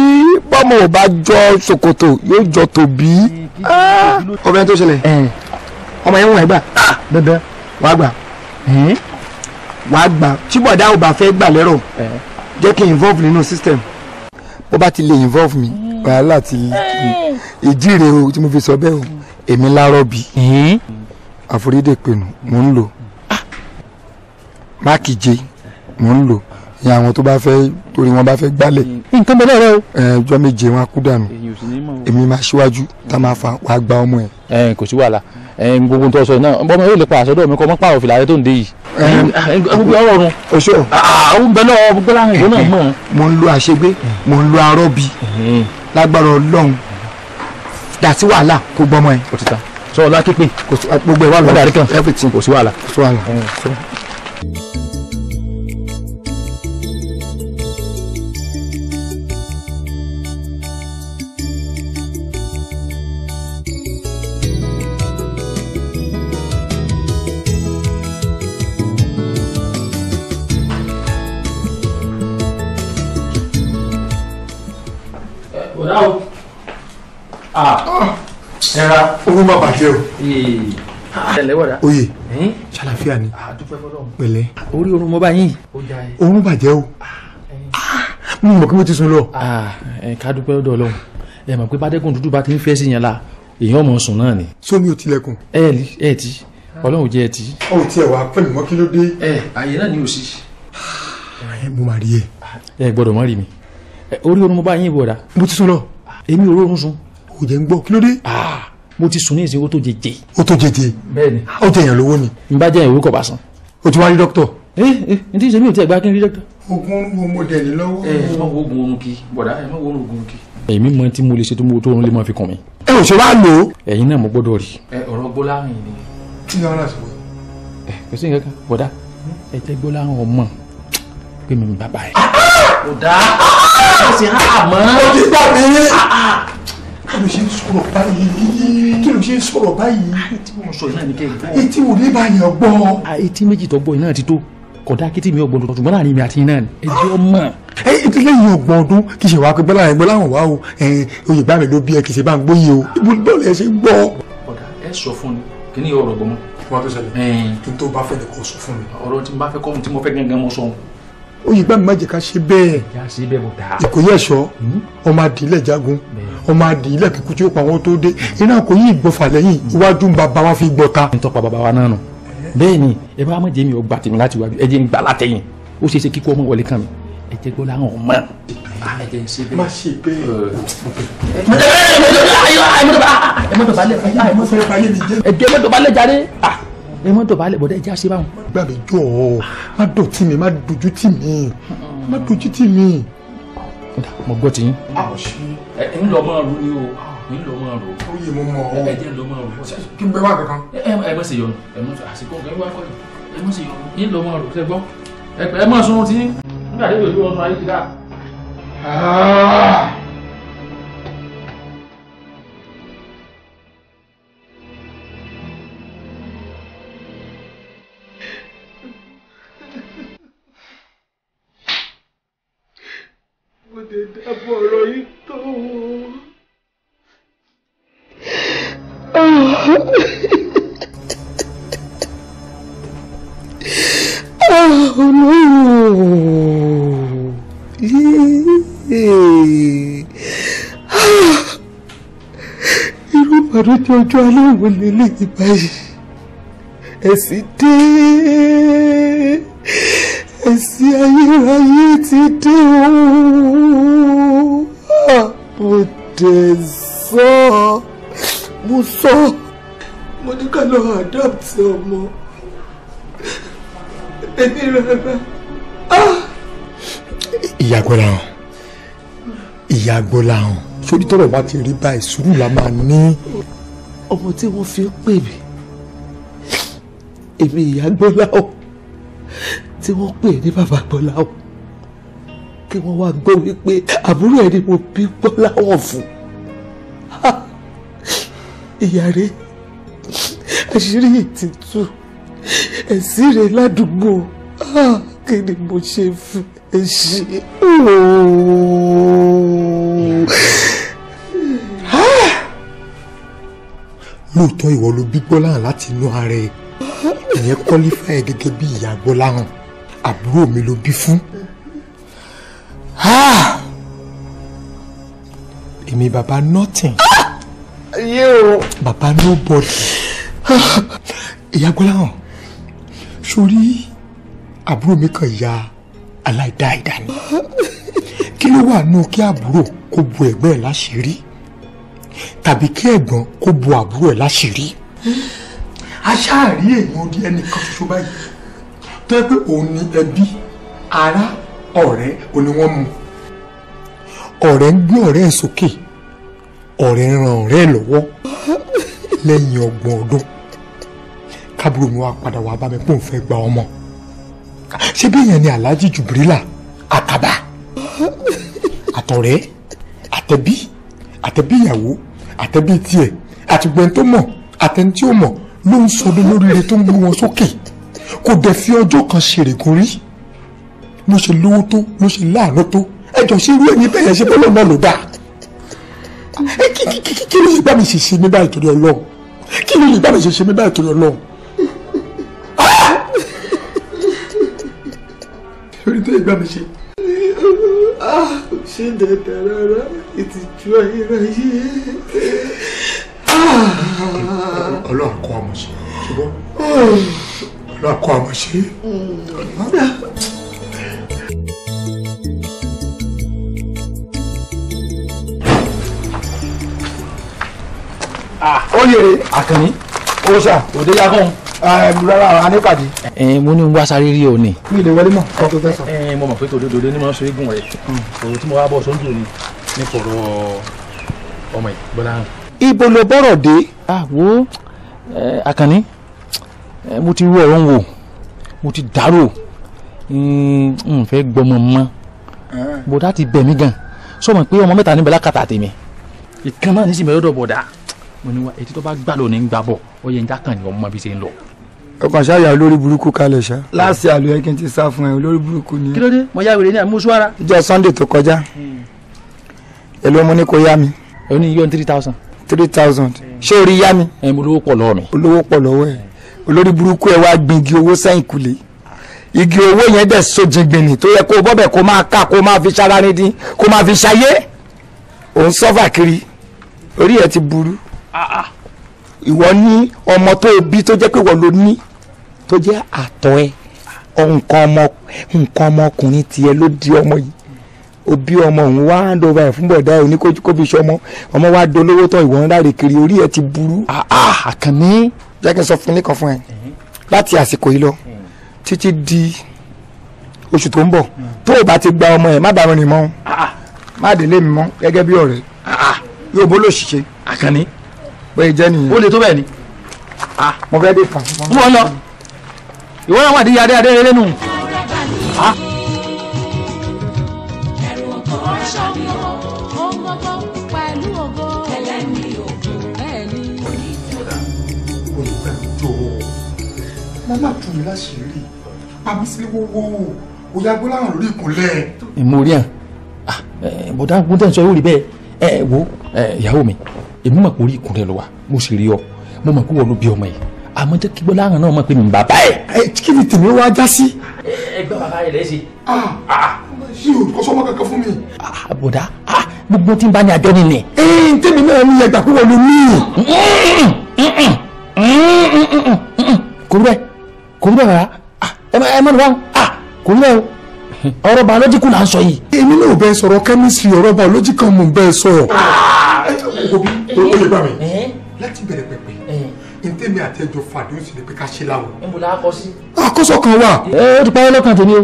bọ́mọ̀ ò bá jọ ṣòkòtò yóò jọ tòbí. ọbẹ̀ tó ṣẹlẹ̀. Eh ọmọ yẹn wọ̀n ẹ̀ gbà dandan wàá gbà wàá gbà tí bọ̀dá ò bá fẹ́ gbà lérò jẹ́ kí n involve nínú system bó bá ti lè involve mi wàhálà ti ìdí rèé o tí mo fi sọ bẹ́ẹ̀ o èmi lárọ́ bi àforídè pinnu mò ń lò ah. máàkì jẹ mò ń lò ìyẹn àwọn tó bá fẹ́ torí wọn bá fẹ́ gbálẹ̀. nǹkan bẹ̀rẹ̀ rẹ o. ẹ méje wọn kú dànù èmi máa ṣíwájú tá a máa fa wàá gba ọmọ ẹ. ẹ kò sí wàhálà gbogbo tó sọ náà bọ́mọ yóò lè pa àṣọ dọ̀mí kọ́ mọ́ pààrọ̀ fìlà rẹ tó ń dé yìí. gbogbo ọ̀rọ̀ run oṣù àwọn ń bẹ lọ́wọ́ gbogbo láwọn ìbò náà mọ̀. mo ń lo àṣegbé mo ń lo arọ́bì lágbára ọlọ́run dàtí wàhálà kó gbọ́mọ ẹ. sọ ọlá kíkpé gbogbo ẹ wà lọ́wọ́ everything kò sí wàhálà. ṣẹra orun má bàjẹ́ o. oye ṣàlàfíà ni pẹ̀lẹ́. orí orun mo bá yín. orun bàjẹ́ o ah, ah, mo mọ̀ kí mo ti sùn lọ. Ah, ká dúpẹ́ lọ́dọ̀ ọlọ́run ẹ mọ̀ pé bàdẹ́kùn dúdú bá ti ń fẹ́ sí yẹn la èèyàn mọ̀ sùn náà ni. sómi ò tilẹ̀kùn. ẹ ẹ ẹ ti ọlọ́run jẹ́ ẹ ti. ọ ò tiẹ̀ wá pẹ̀lú mọ́ kí ló dé. ẹ àyè náà ni ò sí. mo máa rí ẹ. ẹ gbọ́dọ̀ mọ́ rí mi orí orun mo bá yín ìbọ̀dà. mo ti sùn lọ. èmi ò rórun sùn. ò jẹ́ ń gbọ́ kí ló dé mo ti sùn ní ìsìn ó tó jẹjẹ. ó tó jẹjẹ bẹ́ẹ̀ni ó jẹyàn lówó ni. n bá jẹyàn ìwé kọ bá san. o ti wá rí dókítọ̀. ẹ ẹ n tí ì ṣe mí ò tí ẹ gbá kí n rí dókítọ̀. ogun wo mo dẹ̀ ní lọ́wọ́. ẹ ẹ má wo oògùn oorun kí bọ̀dá ẹ má wo oògùn oorun kí. èmi mọ tí mo lè ṣe tó mo tó oorun lè máa fi kàn mí. ẹ ò ṣe wá lò ó. ẹ̀yin náà mo gbọ́dọ̀ rí. ẹ ọ̀rọ̀ gbólárìn ni. kí ni ọ̀rọ̀ àṣọ. ẹ kí ló ṣe ń sọ̀rọ̀ báyìí kí ló ṣe ń sọ̀rọ̀ báyìí. Ah, etí wọn sọ iná mi tẹ etí wo lè bá yẹn gbọ́. Ah, etí méjì tó gbọ́ iná ti tó kódà kí tí mi ò gbọ́dọ̀ ṣùgbọ́n mi àti iná ni ẹ jẹ́ ọmọ. ẹ ìdílé yìí ọgbọ̀n ọdún kì í ṣe wàá pé bọ́lá ẹgbẹ́ láwọn wá o eh, oyè bá mi ló bí ẹ kì í ṣe bá ń gbóyè o ibo bọ́ọ̀lù ẹ ṣe ń gbọ́. ọ̀dà ẹ sọ fún mi kí oyin gbàmí má jẹ́ ká ṣe bẹ́ẹ̀ ìkòyí ẹ̀ṣọ́ ọmọ adìlẹ̀ jagun ọmọ adìlẹ̀ kíkú tí ó pa wọn tó dé iná kò yí ìgbọ̀fà lẹ́yìn iwájú ń bàbá wa fi gbọ̀ta. n tọpa bàbá wa náà nù bẹ́ẹ̀ ni ẹ bá má jẹ́ mi ọgbà tèmi láti wájú ẹ jẹ́ ń gbà látẹ̀yìn ó ṣeé ṣe kíkọ́ ọmọ wọlé kan mi ẹ jẹ́ gbọ́ láwọn ọmọ. má ṣe bẹ́ẹ̀. ẹ mọ́tò balẹ̀ ẹ mọ́tò balẹ̀ jáde ẹ mọ́ dọ̀bálẹ̀ bọ̀dẹ̀ ẹ já ṣe báwọn. gbà mí jọ ọ má dọ̀tí mi má dojú tì mí má dojú tì mí. mo gbọ́ ti yín. ẹ ń lọ máa ru ni o ń lọ máa ru. ó yẹ mo mọ ọ ẹ jẹ́ ń lọ máa ru. kí n bẹ wá kankan. ẹ má ṣe yọnu ẹ má ṣe àsìkò ẹ wá kọ́ ẹ má ṣe yọnu ń lọ máa ru ṣe gbọ́ ẹ má sunrun tí nígbà tí yóò gbé wọn sọ ayé ti dá. kò tẹ̀ dábọ̀ ọ̀rọ̀ yìí tó wọn. Ah, oh, Ọlọ́run ah. irú ìbànújẹ́ ọjọ́ alẹ́ wo lélẹ́yìn báyìí ẹ̀sìn dé ẹ̀sìn ayérayé ti ah, dé o mo dẹ̀ sọ mo sọ mo ní ká lọ adapt ọmọ ẹni rárá. Ah. ìyá gbọ́dọ̀ hàn ìyá gbọ́dọ̀ hàn sórí tọ́rọ̀ bá ti rí báyìí sùúrù la máa ní. ọmọ tí wọ́n fi ń pè mí èmi ìyá tí wọ́n pè ní bàbá Gbọ́láhàn kí wọ́n wá gbọ́ wípé àbúrò ẹ̀ ni mo bí Gbọ́láhàn fún ìyá rẹ̀ àṣírí ìtìtú ẹ̀sìn rẹ̀ ládùúgbò kí ni mo ṣe fún ẹ ṣe lóòótọ́ ìwọ ló bí Gbọ́láhàn láti inú ara ẹ̀ ìyẹn kọ́lífà ẹ̀ gẹ́gẹ́ bí ìyá Gbọ́láhàn àbúrò mi ló bí fún. Ah! èmi bàbá nothing. Ah! yóò. bàbá nobody. ìyá gbọ́lá hàn sórí àbúrò mi kan ya aláìdáìdá ni kí ló wà nù kí àbúrò kó bu ẹ̀gbọ́n ẹ̀ láṣìírí tàbí kí ẹ̀gbọ́n kó bu àbúrò ẹ̀ láṣìírí. a ṣáà rí èèyàn odi ẹnìkan ṣoṣo báyìí tó yẹ pé òun ni ẹbí ará ọ̀rẹ́ òun ni wọ́n mu ọ̀rẹ́ ń gbé ọ̀rẹ́ ẹ̀ sókè ọ̀rẹ́ ń ran ọ̀rẹ́ ẹ̀ lọ́wọ́ lẹ́yìn ọgbọ̀n ọdún kábúrò mi padà wá bá mi pò fẹ́ gba ọmọ ṣé bí èèyàn ni Alhaji Jubrila àtàbà àtọ̀rẹ́ àtẹ̀bí àtẹ̀bí ìyàwó àtẹ̀bí tiẹ̀ àtìgbẹ́ni tó mọ̀ àtẹ̀ni tí ó mọ̀ ló ń sọdún lóríire tó ń gbé wọn sókè kò dẹ̀ fi ọjọ́ kan ṣèrègùn rí ló ṣe lówó tó ló ṣe láàánú tó ẹjọ́ ṣe irú ẹ̀yin bẹ́ẹ̀ yẹn ṣe bọ́lọ̀ náà ló dà kí ló ṣe gbà mí ṣèṣe mi báyìí torí Ọlọ́run kí ló ṣe gbà mí ṣèṣe mi báyìí torí Ọlọ́run. torí ah! tó ìgbà mi ṣe. ṣé dada rárá ìtìjú ayérayé. Ọlọ́run kọ́ ọmọ ṣe ṣùgbọ́n. Ah! lọkọ àmọ ṣe. ó yèrè àkànní ó sà òde yá fún un. rárá a ní pàdé. mo ní wá sáré rí o ní. mi lè wọlé mọ kó tó fẹ́ sọ. mo mọ̀ pé tòdodo ní mo ń ṣe gùn rẹ̀ òwò hmm. tí mo wá bọ̀ sóńdù ni ní kòrò ọmọ ìbọ̀lá. ibo ló bọ̀rọ̀ dé. àwo ah, àkànní mo ti rú ọ̀rọ̀ ń wò mo ti dárò n fẹ́ gbọmọ mọ́ ah. bọ̀dá ti bẹ̀ mí gan sọmọ pé ọmọ mẹ́ta níbẹ̀ lákàtà tèmi ìkan náà nísìnyí lọ́dọ̀ bọ̀dá mo ní wa ètí tó bá gbà ló ní gbà bọ̀ ó yẹ njá kan ní ọmọ bí ṣe ń lọ. ọkàn ṣáàyà olórí burúkú kalẹ̀ ṣá. Ah. láti àlọ́ ẹ̀kín ti sá fún ẹ olórí burúkú ni. kí ló dé mo yá wèrè ní àmúṣúara. ìjọ sunday tó kọjá èló mo ní kó yá mi. ẹ ní yọ ní three thousand. three thousand hmm. ṣé orí yá mi. ẹ mo lówó pọ̀ lọ́wọ́ mi. olówó pọ̀ lọ́wọ́ ẹ̀ olórí burúkú ẹ wá gbin igi owó sẹ́yìn kulè igi owó yẹn dẹ̀ sojingbìnì tó yẹ kó bọ́bẹ̀ kó máa ká kó máa fi ṣara ní dín kó máa fi ṣayé òun sọ́fà kiri orí ẹ ti burú ìwọ ní ọmọ tó bí tó jẹ́ pé wọ́n ló ní tó jẹ́ àtọ̀ ẹ nǹkan ọmọ nǹkan ọmọkùnrin tiẹ̀ ló di ọmọ yìí òbí ọmọ òun wá hand over ẹ̀ fún bọ̀dá ẹ̀ oníkójú kó fi ṣọmọ ọmọ wa dolówó tán ìwọ̀n láre kiri orí ẹ ti burú. àkànní. Ah, ah, jẹ́ kí n sọ fún nìkan fún ẹ láti àsìkò yìí lọ títí di oṣù tó ń bọ̀ tó o bá ti gba ọmọ ẹ má bàa rìn mọ́ má délé mi mọ́ gẹ́gẹ́ bí ọ̀rẹ́ yóò bó lò ṣiṣẹ́. àkànní. bẹ́ẹ̀ jẹ́ nìyẹn. o lè tó bẹ́ẹ̀ ni. mo fẹ́ dé fà. wọ́n lọ ìwọ́n àwọn àdéhìí adé rẹ lẹ́nu. mo má tù mí láṣìírí àbísí wọ́wọ́ o òyà gbọ́ láwọn lórí ìkúnlẹ̀. mo rí à ah, bọ̀dá mo tẹ̀ ń sọ ìwúrí bẹ́ẹ̀ ẹ wo ìyàwó mi èmi mọ̀ pé orí ìkúnlẹ̀ ló wà mo sì rí ọ mo mọ̀ pé wọ́n ló bí ọmọ yìí àmọ́ jẹ́ kí gbọ́dọ̀ àwọn náà mọ̀ pé mi bàbá ẹ̀. kí ni tèmi wá já sí. ẹgbẹ́ bàbá rẹ̀ lẹ́sìn. ṣé ah, o ah. kọ́ sọ́mọ́ kankan fún mi. bọ̀dá gbogbo tí n bá ní àjọ ni nì. ee tèmi náà ní ẹgbàá pé wọ́n ló ní. kò rẹ̀ kò ń bẹ̀ rárá ah, ẹ má lọ́wọ́ ah, kò ń bẹ̀ o ọ̀rọ̀ biological là ń sọ yìí. èmi náà bẹ sọ̀rọ̀ chemistry ọ̀rọ̀ biological mò ń bẹ sọ. Ah! o lè bá mi eh? láti bẹ̀rẹ̀ pẹ̀pẹ̀ eh. ntẹ́mi àtẹ́jọ fàdé ó sì lè pé ká ṣe láwọn. ń bò lákọ sí. àkóso kan wà. ẹ eh, ó ti parí lọ́kàn tèmi o.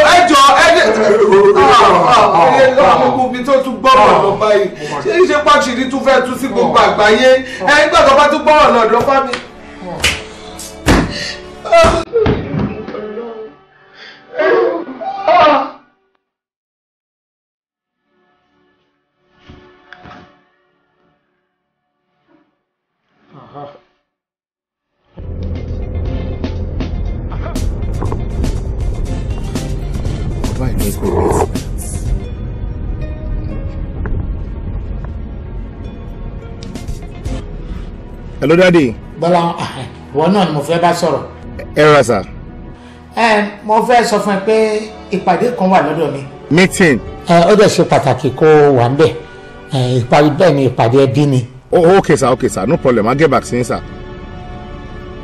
ọ̀rẹ́ lọ́mọkùn bí tó tún gbọ́rọ̀ lọ báyìí ṣé ṣe pàṣírí tún fẹ́ tú sí gbogbo àgbáyé ẹ̀ nígbà tó bá tún gbọ́rọ̀ lọ́dọ̀ fámi. Oh! hello daddy. gbọ́dọ̀ wọn náà ni mo fẹ́ bá sọ̀rọ̀. ẹ rà sà. ẹ mo fẹ́ sọ fún ẹ pé ìpàdé kan wà lọ́dọ̀ mi. meeting. ẹ ó dẹ̀ ṣe pàtàkì kó wà ń bẹ̀ ìparí bẹ́ẹ̀ ni ìpàdé ẹbí ni. ok sir ok sir no problem i'll get back to you sir.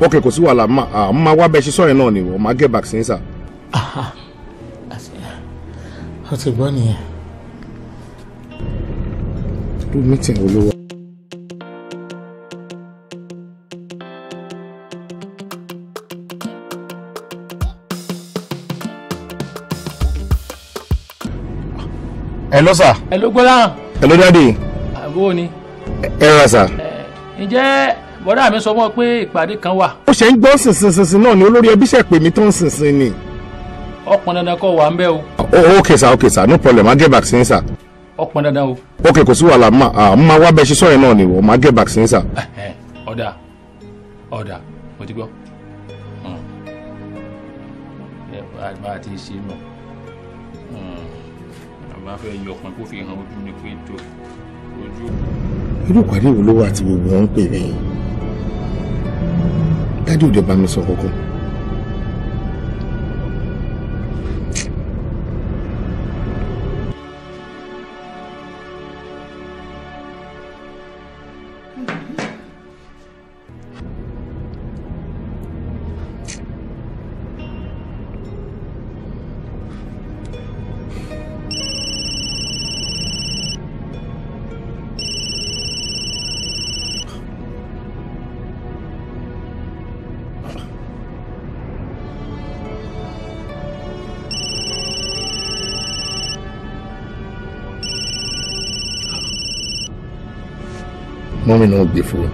ok kò sí wàhálà máa wá bẹ́ẹ̀ ṣe sọ̀rọ̀ náà ni wọ́n máa get back to you sir. ó ti gbọ́ nìyẹn. meeting olówó. ẹ lọ sà. ẹ ló gbọ́dá. ẹ ló dáde. àbúrò ni. ẹ rà sà. ǹjẹ́ bọ́dá mi sọ mọ́ pé ìpàdé kan wà. ó ṣe ń gbọ́ sìnsìnsìn náà ni olórí ẹbí ṣe pè mí tó ń sìnsìn ni. ọ̀pọ̀ dandan kọ́ wà ń bẹ̀ o. okay sir okay sir no problem i'll get back sí sà. ọ̀pọ̀ dandan o. okay kò sí wàhálà n máa wá bẹ ṣe sọ́yìn náà ni o máa get back sí sà. Eh, eh, ọ̀dà ọ̀dà mo ti gbọ́. Hmm. ẹ bá a ti ṣe mọ́. Hmm bá fẹ́ yọ ọpọn kó fi hàn ojú mi pé tó ojú. irú ìpàdé wo ló wà tí gbogbo wọn ń pè mí dájú òde mi sọ kọ́kọ́. phenomenal before.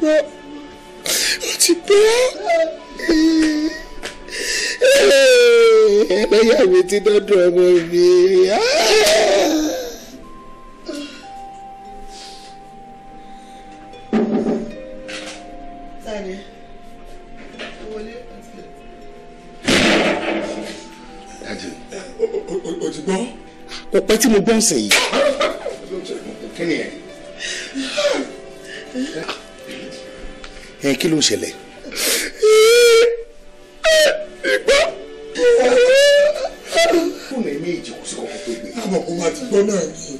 pẹ́ ó ti pẹ́ ẹlẹ́yà mi ti dọ́dọ̀ ọmọ mi. kò tí mo gbọ́n sẹ́yìn. ẹ eh, kí ló ń ṣẹlẹ̀. ìgbà fún mi méjì kò sí kọkọ tó gbé. àmọ́ kò máa gbọ́ náà ni.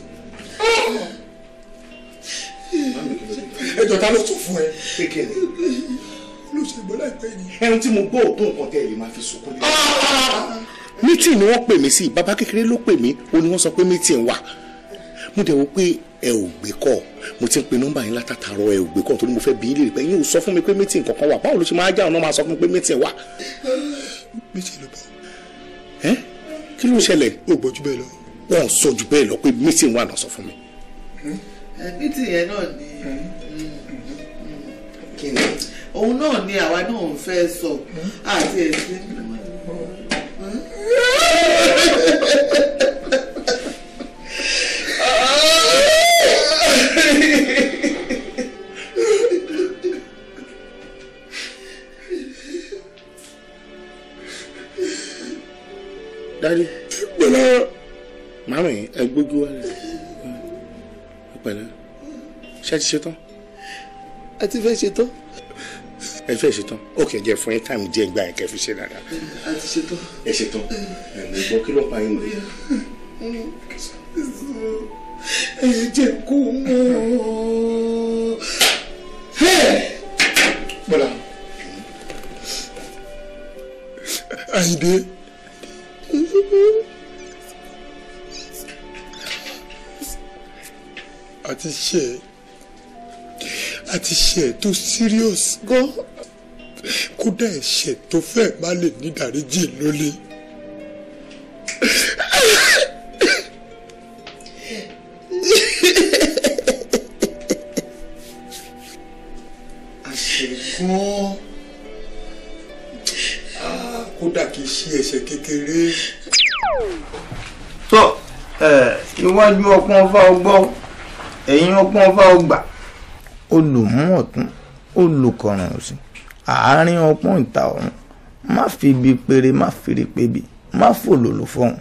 ẹjọ́ ta ló sọ fún ẹ. kékeré ló ṣe gbọ́ láìpẹ́ ni. ẹni tí mo gbọ́ òótọ́ nǹkan tẹ́ ẹ lè máa fi sunkún lé. mítì ni wọ́n pè mí sí bàbá kékeré ló pè mí ó ní wọ́n sọ pé mítì ń wà mo dẹ̀ wò pé ẹ ò gbé kọ́ mo ti ń pe nọ́mbà yín látàtàrọ ẹ ò gbé kọ́ torí mo fẹ́ bí ilé rẹ̀ pé yín ò sọ fún mi pé mítìn kankan wà báwo ló ṣe máa jáwọn náà máa sọ fún mi pé mítìn wà. mítìn ló bọ̀. ẹ kí ló ṣẹlẹ̀. o gbọ́ ju bẹ́ẹ̀ lọ. wọ́n sọ ju bẹ́ẹ̀ lọ pé mítìn wà náà sọ fún mi. mítìn yẹn náà ni mm, mm, mm, òun náà ni àwa náà ń fẹ́ sọ àti ẹ̀sìn. dárí gbẹlẹ màmí ẹ gbójú wa rẹ ẹ pẹ̀lẹ́ ṣe ti ṣetán. a ti fẹ́ ṣetán. ẹ fẹ́ ṣetán ok jẹ fún yín táìmù díẹ̀ gba ẹ̀kẹ́ fi ṣe dáadáa. a ti ṣetán. ẹ ṣetán ẹ lè gbọ́ kí ló pa yín lò. ẹ jẹ́ kó mọ̀ ọ́. bọ́lá àti ṣe àti ṣe tó serious gan kódà ẹ̀ṣẹ̀ tó fẹ́ má lè nídàríjì lólè. àṣẹ gan-an kódà kì í ṣe ẹ̀ṣẹ̀ kékeré. tó iwájú ọpọ́n ọfà ọgbọ́ ẹ̀yìn ọpọ́n ọfà ọgbà olùmọ̀ ọ̀tún olùkọ̀ràn òsì àárín ọpọ́n ìta ọ̀run má fi ibi péré má fèrè pébi má fòlòlò fọ̀hún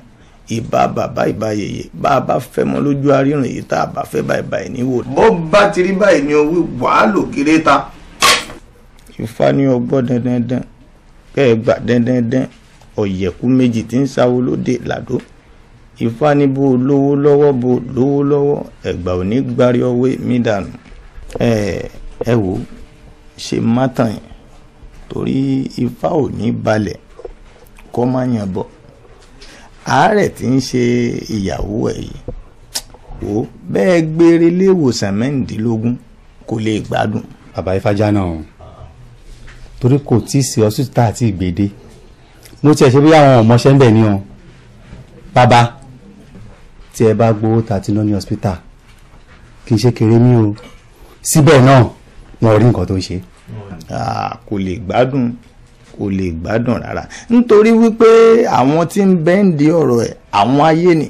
ìbá bàbá ìbá yèyè bá a bá fẹ́ mọ́ lójú aríran èyí tá a bá fẹ́ báyìí báyìí níwò. bó bá ti rí báyìí ni owó wàá lò kéré ta. Ifá ní ọgbọ́n dandan dandan kẹ́ẹ̀gbà dẹ́ndẹ́ndẹ́n ọ̀yẹ̀kú méjì tí ń sáwó lóde làdó ifá ní bó lówó lọ́wọ́ bó lówó lọ́wọ́ ẹ̀gbà ò ní gbárí ọwé mí dànù ẹ ẹ wò ṣe mátàn yẹn torí ifá ò ní balẹ̀ kọ́ má yàn bọ̀ àárẹ̀ tí ń ṣe ìyàwó ẹ̀ yìí wò bẹ́ẹ̀ gbére léwòsàn mẹ́rìndínlógún kò lè gbádùn. bàbá ifá já náà torí kò tí ì sí hospital tá àti ìgbèdé mo tiẹ̀ ṣe bí àwọn ọmọọṣẹ́ ń bẹ̀ ni o bàbá tí ẹ bá gbowó ta ti ní hospital kì í ṣe kéré mi o síbẹ̀ náà wọn ò rí nǹkan tó ń ṣe. Ah, kò lè gbádùn kò lè gbádùn rárá nítorí wípé àwọn tí ń bẹ́ǹdì ọ̀rọ̀ ẹ̀ àwọn ayé ni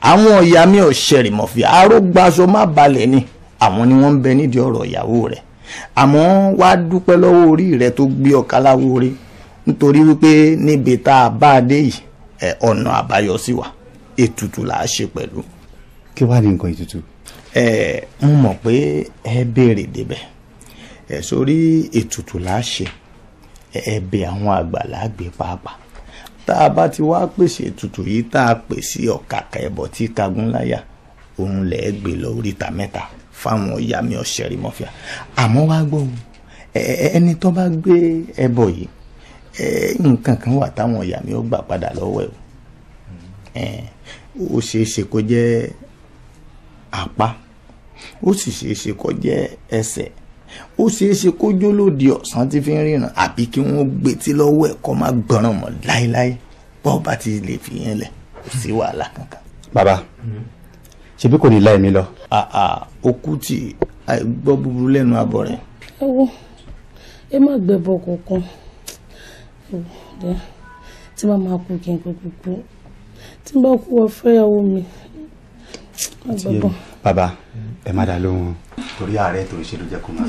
àwọn ọ̀yà mi ò má balẹ̀ ni àwọn ni wọ́n ń bẹ nídìí ọ̀rọ̀ ìyàwó rẹ̀ àmọ́ wá dúpẹ́ lọ́wọ́ orí rẹ tó gbé ọ̀ka láwo orí nítorí wípé níbi tá a bá a dé yìí ọ̀nà àbáyọ sí wa ètùtù là á ṣe pẹ̀lú. kí wàá ní nǹkan ètùtù. ẹ ń mọ̀ pé ẹ béèrè débẹ̀ ẹ sórí ètùtù là á ṣe ẹ bẹ àwọn àgbà lágbè pàápàá tá a bá ti wá pèsè ètùtù yìí tá a pèsè ọ̀kàkà ẹ̀bọ̀ tí kagun láyà òun lẹ̀ ẹ́ gbé lọ oríta mẹ́ta fáwọn ìyá mi ọ̀sẹ̀ rí mọ́fíà àmọ́ wá gbọ́ o ẹni tó bá gbé ẹbọ yìí nǹkan kan wà táwọn ìyá mi ó gbà padà lọ́wọ́ ẹ̀ ó ṣeé ṣe kó jẹ́ apá ó sì ṣeé ṣe kó jẹ́ ẹsẹ̀ ó ṣeé ṣe kó jólódì ọ̀sán tí fi ń ríran àbí kí wọ́n gbetí lọ́wọ́ ẹ̀ kó má gbọ́ràn mọ́ láéláé bọ́ọ̀ bá ti lè fi yẹn lẹ̀ kò sí wàhálà kankan. bàbá. Mm -hmm ṣebí kò ní láì mi lọ. àà okú tí àìgbọ́ búburú lẹ́nu abọ́ rẹ̀. ẹ wo ẹ má gbẹbọ kankan tí bá máa kú kí n kú kú kú tí bá kú wọ fẹ́yàwó mi má gbẹbọ. Baba, ẹ má dá lóhùn. torí ààrẹ tó ṣe ló jẹ kó máa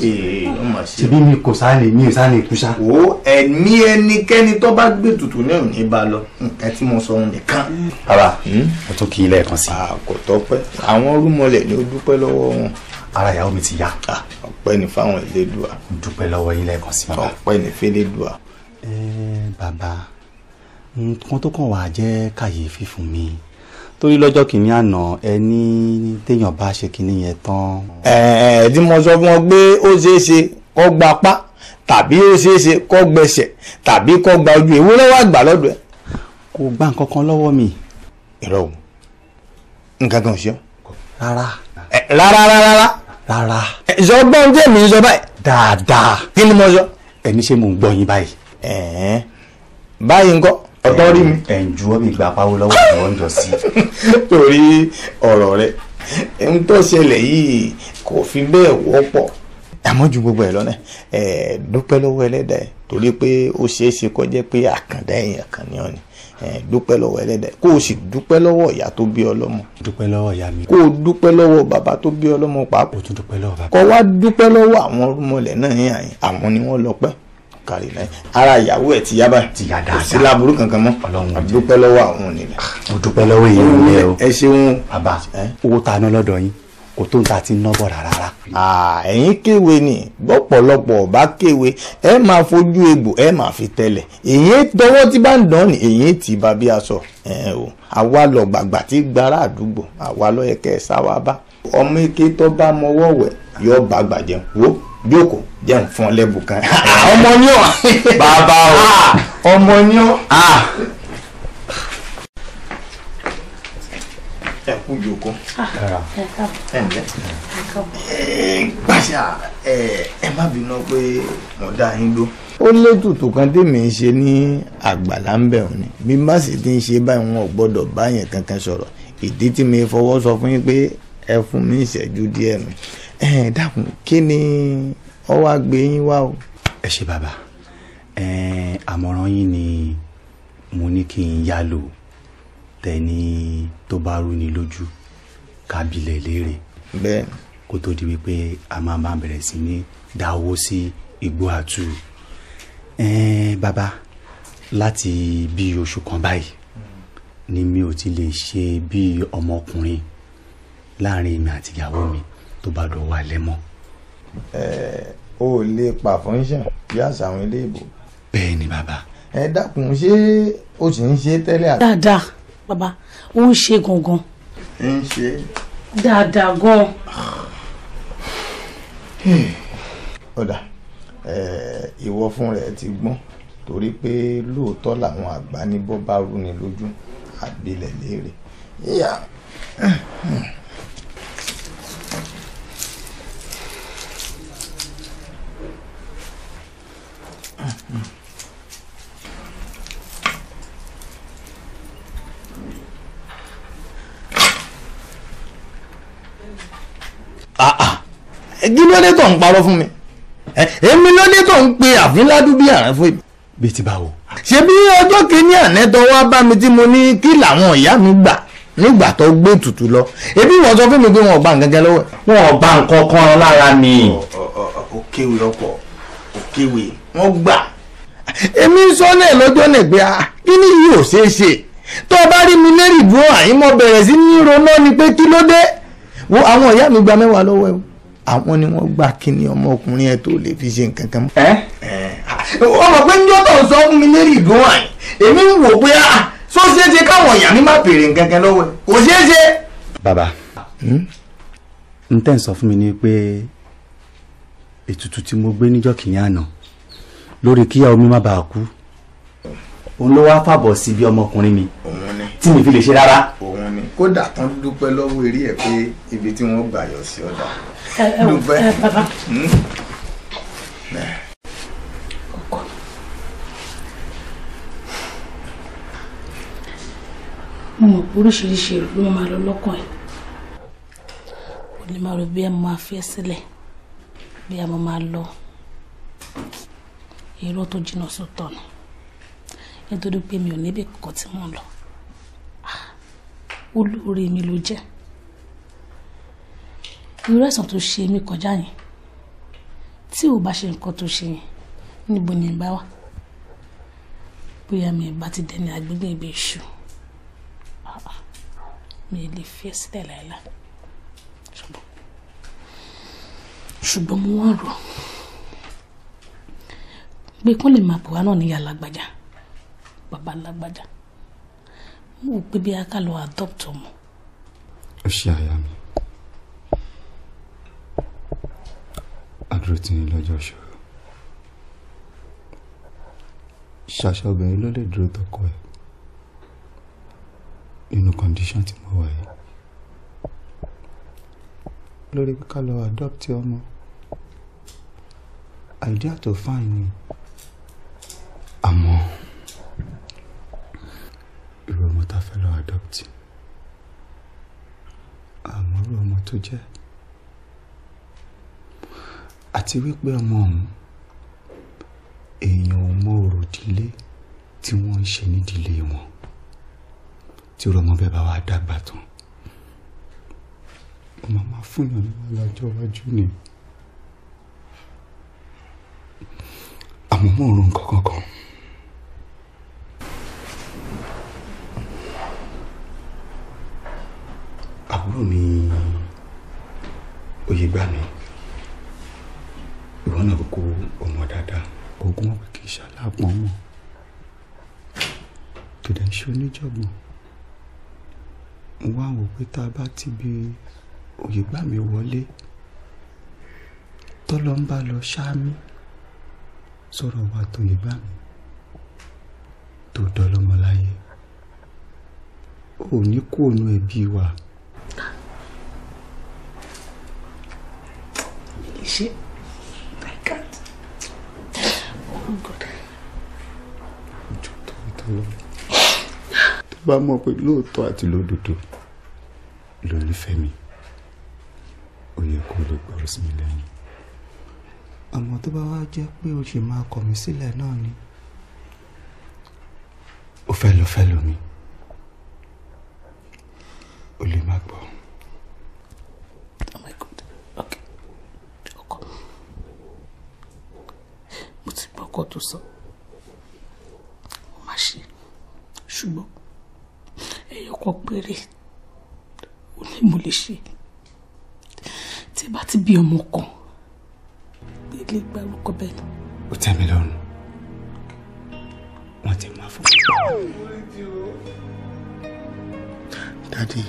sọ. ṣebí mi kò sáni mi ò sáni kú sá. wo ẹ̀mí ẹnikẹ́ni tó bá gbé tutù náà ní bá lọ nǹkan tí mo sọ ohun nìkan. bàbá hmm? mo tún kí i lẹ́ẹ̀kan sí. kò tọ́pẹ́ àwọn rúmọlẹ̀ ni ó dúpẹ́ lọ́wọ́ wọn. ara ìyàwó mi ti yá. ọpẹ́ ni fáwọn elédùà. dúpẹ́ lọ́wọ́ yín lẹ́ẹ̀kan sí bàbá. ọpẹ́ ni fẹ́lẹ́dùà. ẹ bàbá nǹkan tó kàn wá jẹ́ kàyéfì fún mi torí lọ́jọ́ kìíní àná ẹni téèyàn bá ṣe kìíní yẹn tán. ẹ̀ẹ́d tí mo sọ fún ọ pé ó ṣeé ṣe kó gba apá tàbí ó ṣeé ṣe kó gbẹsẹ̀ tàbí kó gba ojú èwo lọ́wọ́ àgbà lọ́dọ̀ ẹ̀. kò gba nǹkan kan lọ́wọ́ mi. irọ́ o nǹkan kan ò ṣe ọ́. rárá. rárá rárá. rárá. sọ gbọ́n tí èmi ń báyìí. dáadáa. kí ni mo sọ. ẹni ṣe mò ń gbọ́ yín báyìí. ẹ̀ẹ́n báyìí ńkọ́ ọ̀tọ́ rí mi. ẹ̀ ń ju ọ́bì gba apáwo lọ́wọ́ ìwọ́n jọ sí. torí ọ̀rọ̀ rẹ ń tó ṣẹlẹ̀ yìí kò fi bẹ́ẹ̀ wọ́pọ̀ àmọ́ ju gbogbo ẹ̀ lọ́nà ẹ̀ dúpẹ́ lọ́wọ́ ẹlẹ́dàá ẹ̀ torí pé ó ṣeé ṣe kó jẹ́ pé àkàndá èèyàn kan ní ọ̀nì dúpẹ́ lọ́wọ́ ẹlẹ́dẹ̀ kó o sì dúpẹ́ lọ́wọ́ ìyá tó bí ọlọ́mọ. dúpẹ́ lọ́wọ́ ìyá mi. kó o dúpẹ́ lọ́wọ́ bàbá tó bí ọlọ́mọ pàápàá. o tún dúpẹ́ lọ́wọ́ bàbá. kó wá dúpẹ́ lọ́wọ́ àwọn ọmọlẹ̀ náà yẹn àwọn ni wọ́n lọ pẹ́ kárí náà ara ìyàwó ẹ̀ ti yá báyìí ti yá dáadáa sí láburú kankan mọ́ ọlọ́run dúpẹ́ lọ́wọ́ àwọn onílẹ̀. Ah, mo dúpẹ́ lọ́wọ́ èyí o ẹ ṣeun bàbá owó ta ná lọ́dọ̀ yín kò tó ń ta ti ná bọ̀ rárá. ẹ̀yin kéwe ni bọ́pọ̀lọpọ̀ ọba kéwe ẹ máa fojú egbò ẹ máa fi tẹ́lẹ̀ èyí tọwọ́ tí bá ń dán ni èyí ti bá bí aṣọ àwa lọ gbàgbà tí gbára àdúgbò àwa lọ́yẹ̀kẹ́ sáwá bá ọmọ ike tó bá mọwọ́ wẹ̀ yóò bá gbàjẹ́ wo jókòó jẹ́ ń fún ọ lẹ́bù kan. ọmọ ni ọ. bàbá o. Ah, ọmọ ni ọ. Ah. ẹ kú jókòó. Ah, ẹ ǹlẹ́. gbàṣà ẹ má bínú pé mo dá yín dó. ó létò tó kan tèmi ń ṣe ní àgbàlá ń bẹ̀ òní bí má sì ti ń ṣe báyìí wọn ò gbọ́dọ̀ báyẹn kankan sọ̀rọ̀ ìdí tí mi fọwọ́ sọ fún yín pé ẹ fún mi ìṣẹ́jú díẹ̀ nù ẹ dákun kí ni ọ wá gbé yín wá o. ẹ ṣe bàbá àmọ̀ràn yín ni mo ní kí n yálò tẹni tó bá rú ni lójú kábílẹ̀ léèrè. bẹ́ẹ̀ kó tó di wípé a máa máa bẹ̀rẹ̀ sí ní dáwó sí igbó àtú. bàbá láti bí oṣù kan báyìí ni mi ò ti lè ṣe bí ọmọkùnrin láàrin mi àti ìyàwó mi tó bá dọ̀ wà lẹ́mọ́. ẹ ò lè pa function bí àṣà àwọn ilé ìbò. bẹ́ẹ̀ ni bàbá. ẹ dákun ṣé o sì ń ṣe tẹ́lẹ̀ àti. dáadáa bàbá ó ń ṣe gangan. ń ṣe. dáadáa gan. ọ̀dà ìwọ fún rẹ̀ ti gbọ́n torí pé lóòótọ́ làwọn àgbà ní bọ́ bá rú ni lójú àbílẹ̀ léèrè. Yeah. kí ló dé tó ń parọ́ fún mi èmi ló dé tó ń pe àfin ládùúgbì àrẹ fún mi. bí ti báwo. ṣebí ọjọ́ kìíní àná tó wá bá mi tí mo ní kí làwọn ìyá mi gbà nígbà tó gbé tutù lọ ebi wọn sọ fún mi pé wọn ò bá nǹkan kan lọ́wọ́. wọn ò bá nǹkan kan lára mi. ó kéwì ọkọ ó kéwì wọ́n gbà. èmi ń sọ náà lọ́jọ́ náà pé ah, kíní yìí ò ṣeé ṣe tó o bá rí mi lérí ìbú àyín mo bẹ̀rẹ̀ sí ní ronú ni pé kí ló dé wo àwọn ìyá mi gba mẹ́wàá lọ́wọ́ ẹ o àwọn ni wọ́n gbà kíní ọmọkùnrin ẹ tó lè fi ṣe nǹkan kan. ẹ ẹ ọmọ pé njọ́ tó ń sọ fún mi lérí ìbú àyín èmi ń wò pé sọ ah, ṣeé ṣe káwọn ìyá mi má béèrè nǹkan kan lọ́wọ́ ẹ kò ṣeé ṣe. bàbá hmm? n tẹ́ ń sọ fún mi ni pé ètùtù tí mo gbé níjọ́ kìíní àná lórí kíyàwó mi má bàa kú òun ló wá fàbọ̀ sí bí ọmọkùnrin mi tí mi fi lè ṣe rárá. òun ni kódà tán dúpẹ́ lọ́wọ́ eré ẹ̀ pé ibi tí wọ́n gbà yọ sí ọ̀dà. dúpẹ́ hmm? ọkọ mo mọ̀ pé oríṣiríṣi èrò ló máa lọ lọ́kàn ẹ̀ ó lè máa rò bí ẹ máa fẹ́ sílẹ̀ bí ẹ máa lọ irọ́ tó jìnnà sóòótọ́ ni nítorí pé mi ò níbi kankan tí mò ń lọ ah, olóore mi ló jẹ́ irú ẹ̀sán tó ṣe mí kọjá yẹn tí ò bá ṣe nǹkan tó ṣe yẹn níbo ni ìgbà wà bóyá mi ìgbà ti dẹni àgbégbé ibi ìṣù ah, ah, mi lè fi sílẹ̀ láìláì ṣùgbọ́n mo wá rò pé kán lè máa pè wá náà níyà lágbájá bàbá lágbájá mo wò pé bí a ká lọ adopt ọmọ. ó ṣe àyà mi àdúró tí ní lọ́jọ́ ṣòro ṣàṣà obìnrin ló lè dúró tọkọ ẹ̀ nínú kọ́ndíṣọ́n tí mo wà yìí lórí pé ká lọ adopt ọmọ àìdí àtò fáìn ni àmọ́ irú ọmọ tá a fẹ́ lọ adopt àmọ́ irú ọmọ tó jẹ́ àti wípé ọmọ ọ̀hún èèyàn ò mọ ọ̀rọ̀ ìdílé tí wọ́n ń ṣe nídìílé wọn tí irú ọmọ bẹ́ẹ̀ bá wà dàgbà tán ọmọ máa fún yàn ní wàhálà ọjọ́ iwájú ni àmọ́ mò ń ro nǹkan oníjọ̀gbọ̀n mo wá wò pé tá a bá ti bi òye gbà mí wọlé tọ́lọ́ ń bá lọ ṣáámi sọ̀rọ̀ wa tó yẹ gbà mí tó dọ́lọ́mọ láyé ò ní kú ònú ẹbí wa. I can't. Oh God. ìjọ tó ń tọ́lọ́mọ bá mọ̀ pé lóòótọ́ àti lódodo ló nífẹ̀ẹ́ mi ó yẹ kó lè gbọ́rọ̀ sí mi lẹ́yìn. àmọ́ tó bá wá jẹ́ pé o ṣì máa kọ̀ mí sílẹ̀ náà ni ó fẹ́ lọ fẹ́ lómi ó lè má gbọ́. Oh mo ti gbọ́ ọkọ tó sọ ó má ṣe ṣùgbọ́n kan péré ó ní mo lè ṣe tí bá ti bí ọmọ kan ilé gbárùkọ bẹ́ẹ̀ ni. ó tẹ́ mi lọ́rùn wọ́n ti máa fún mi. dádì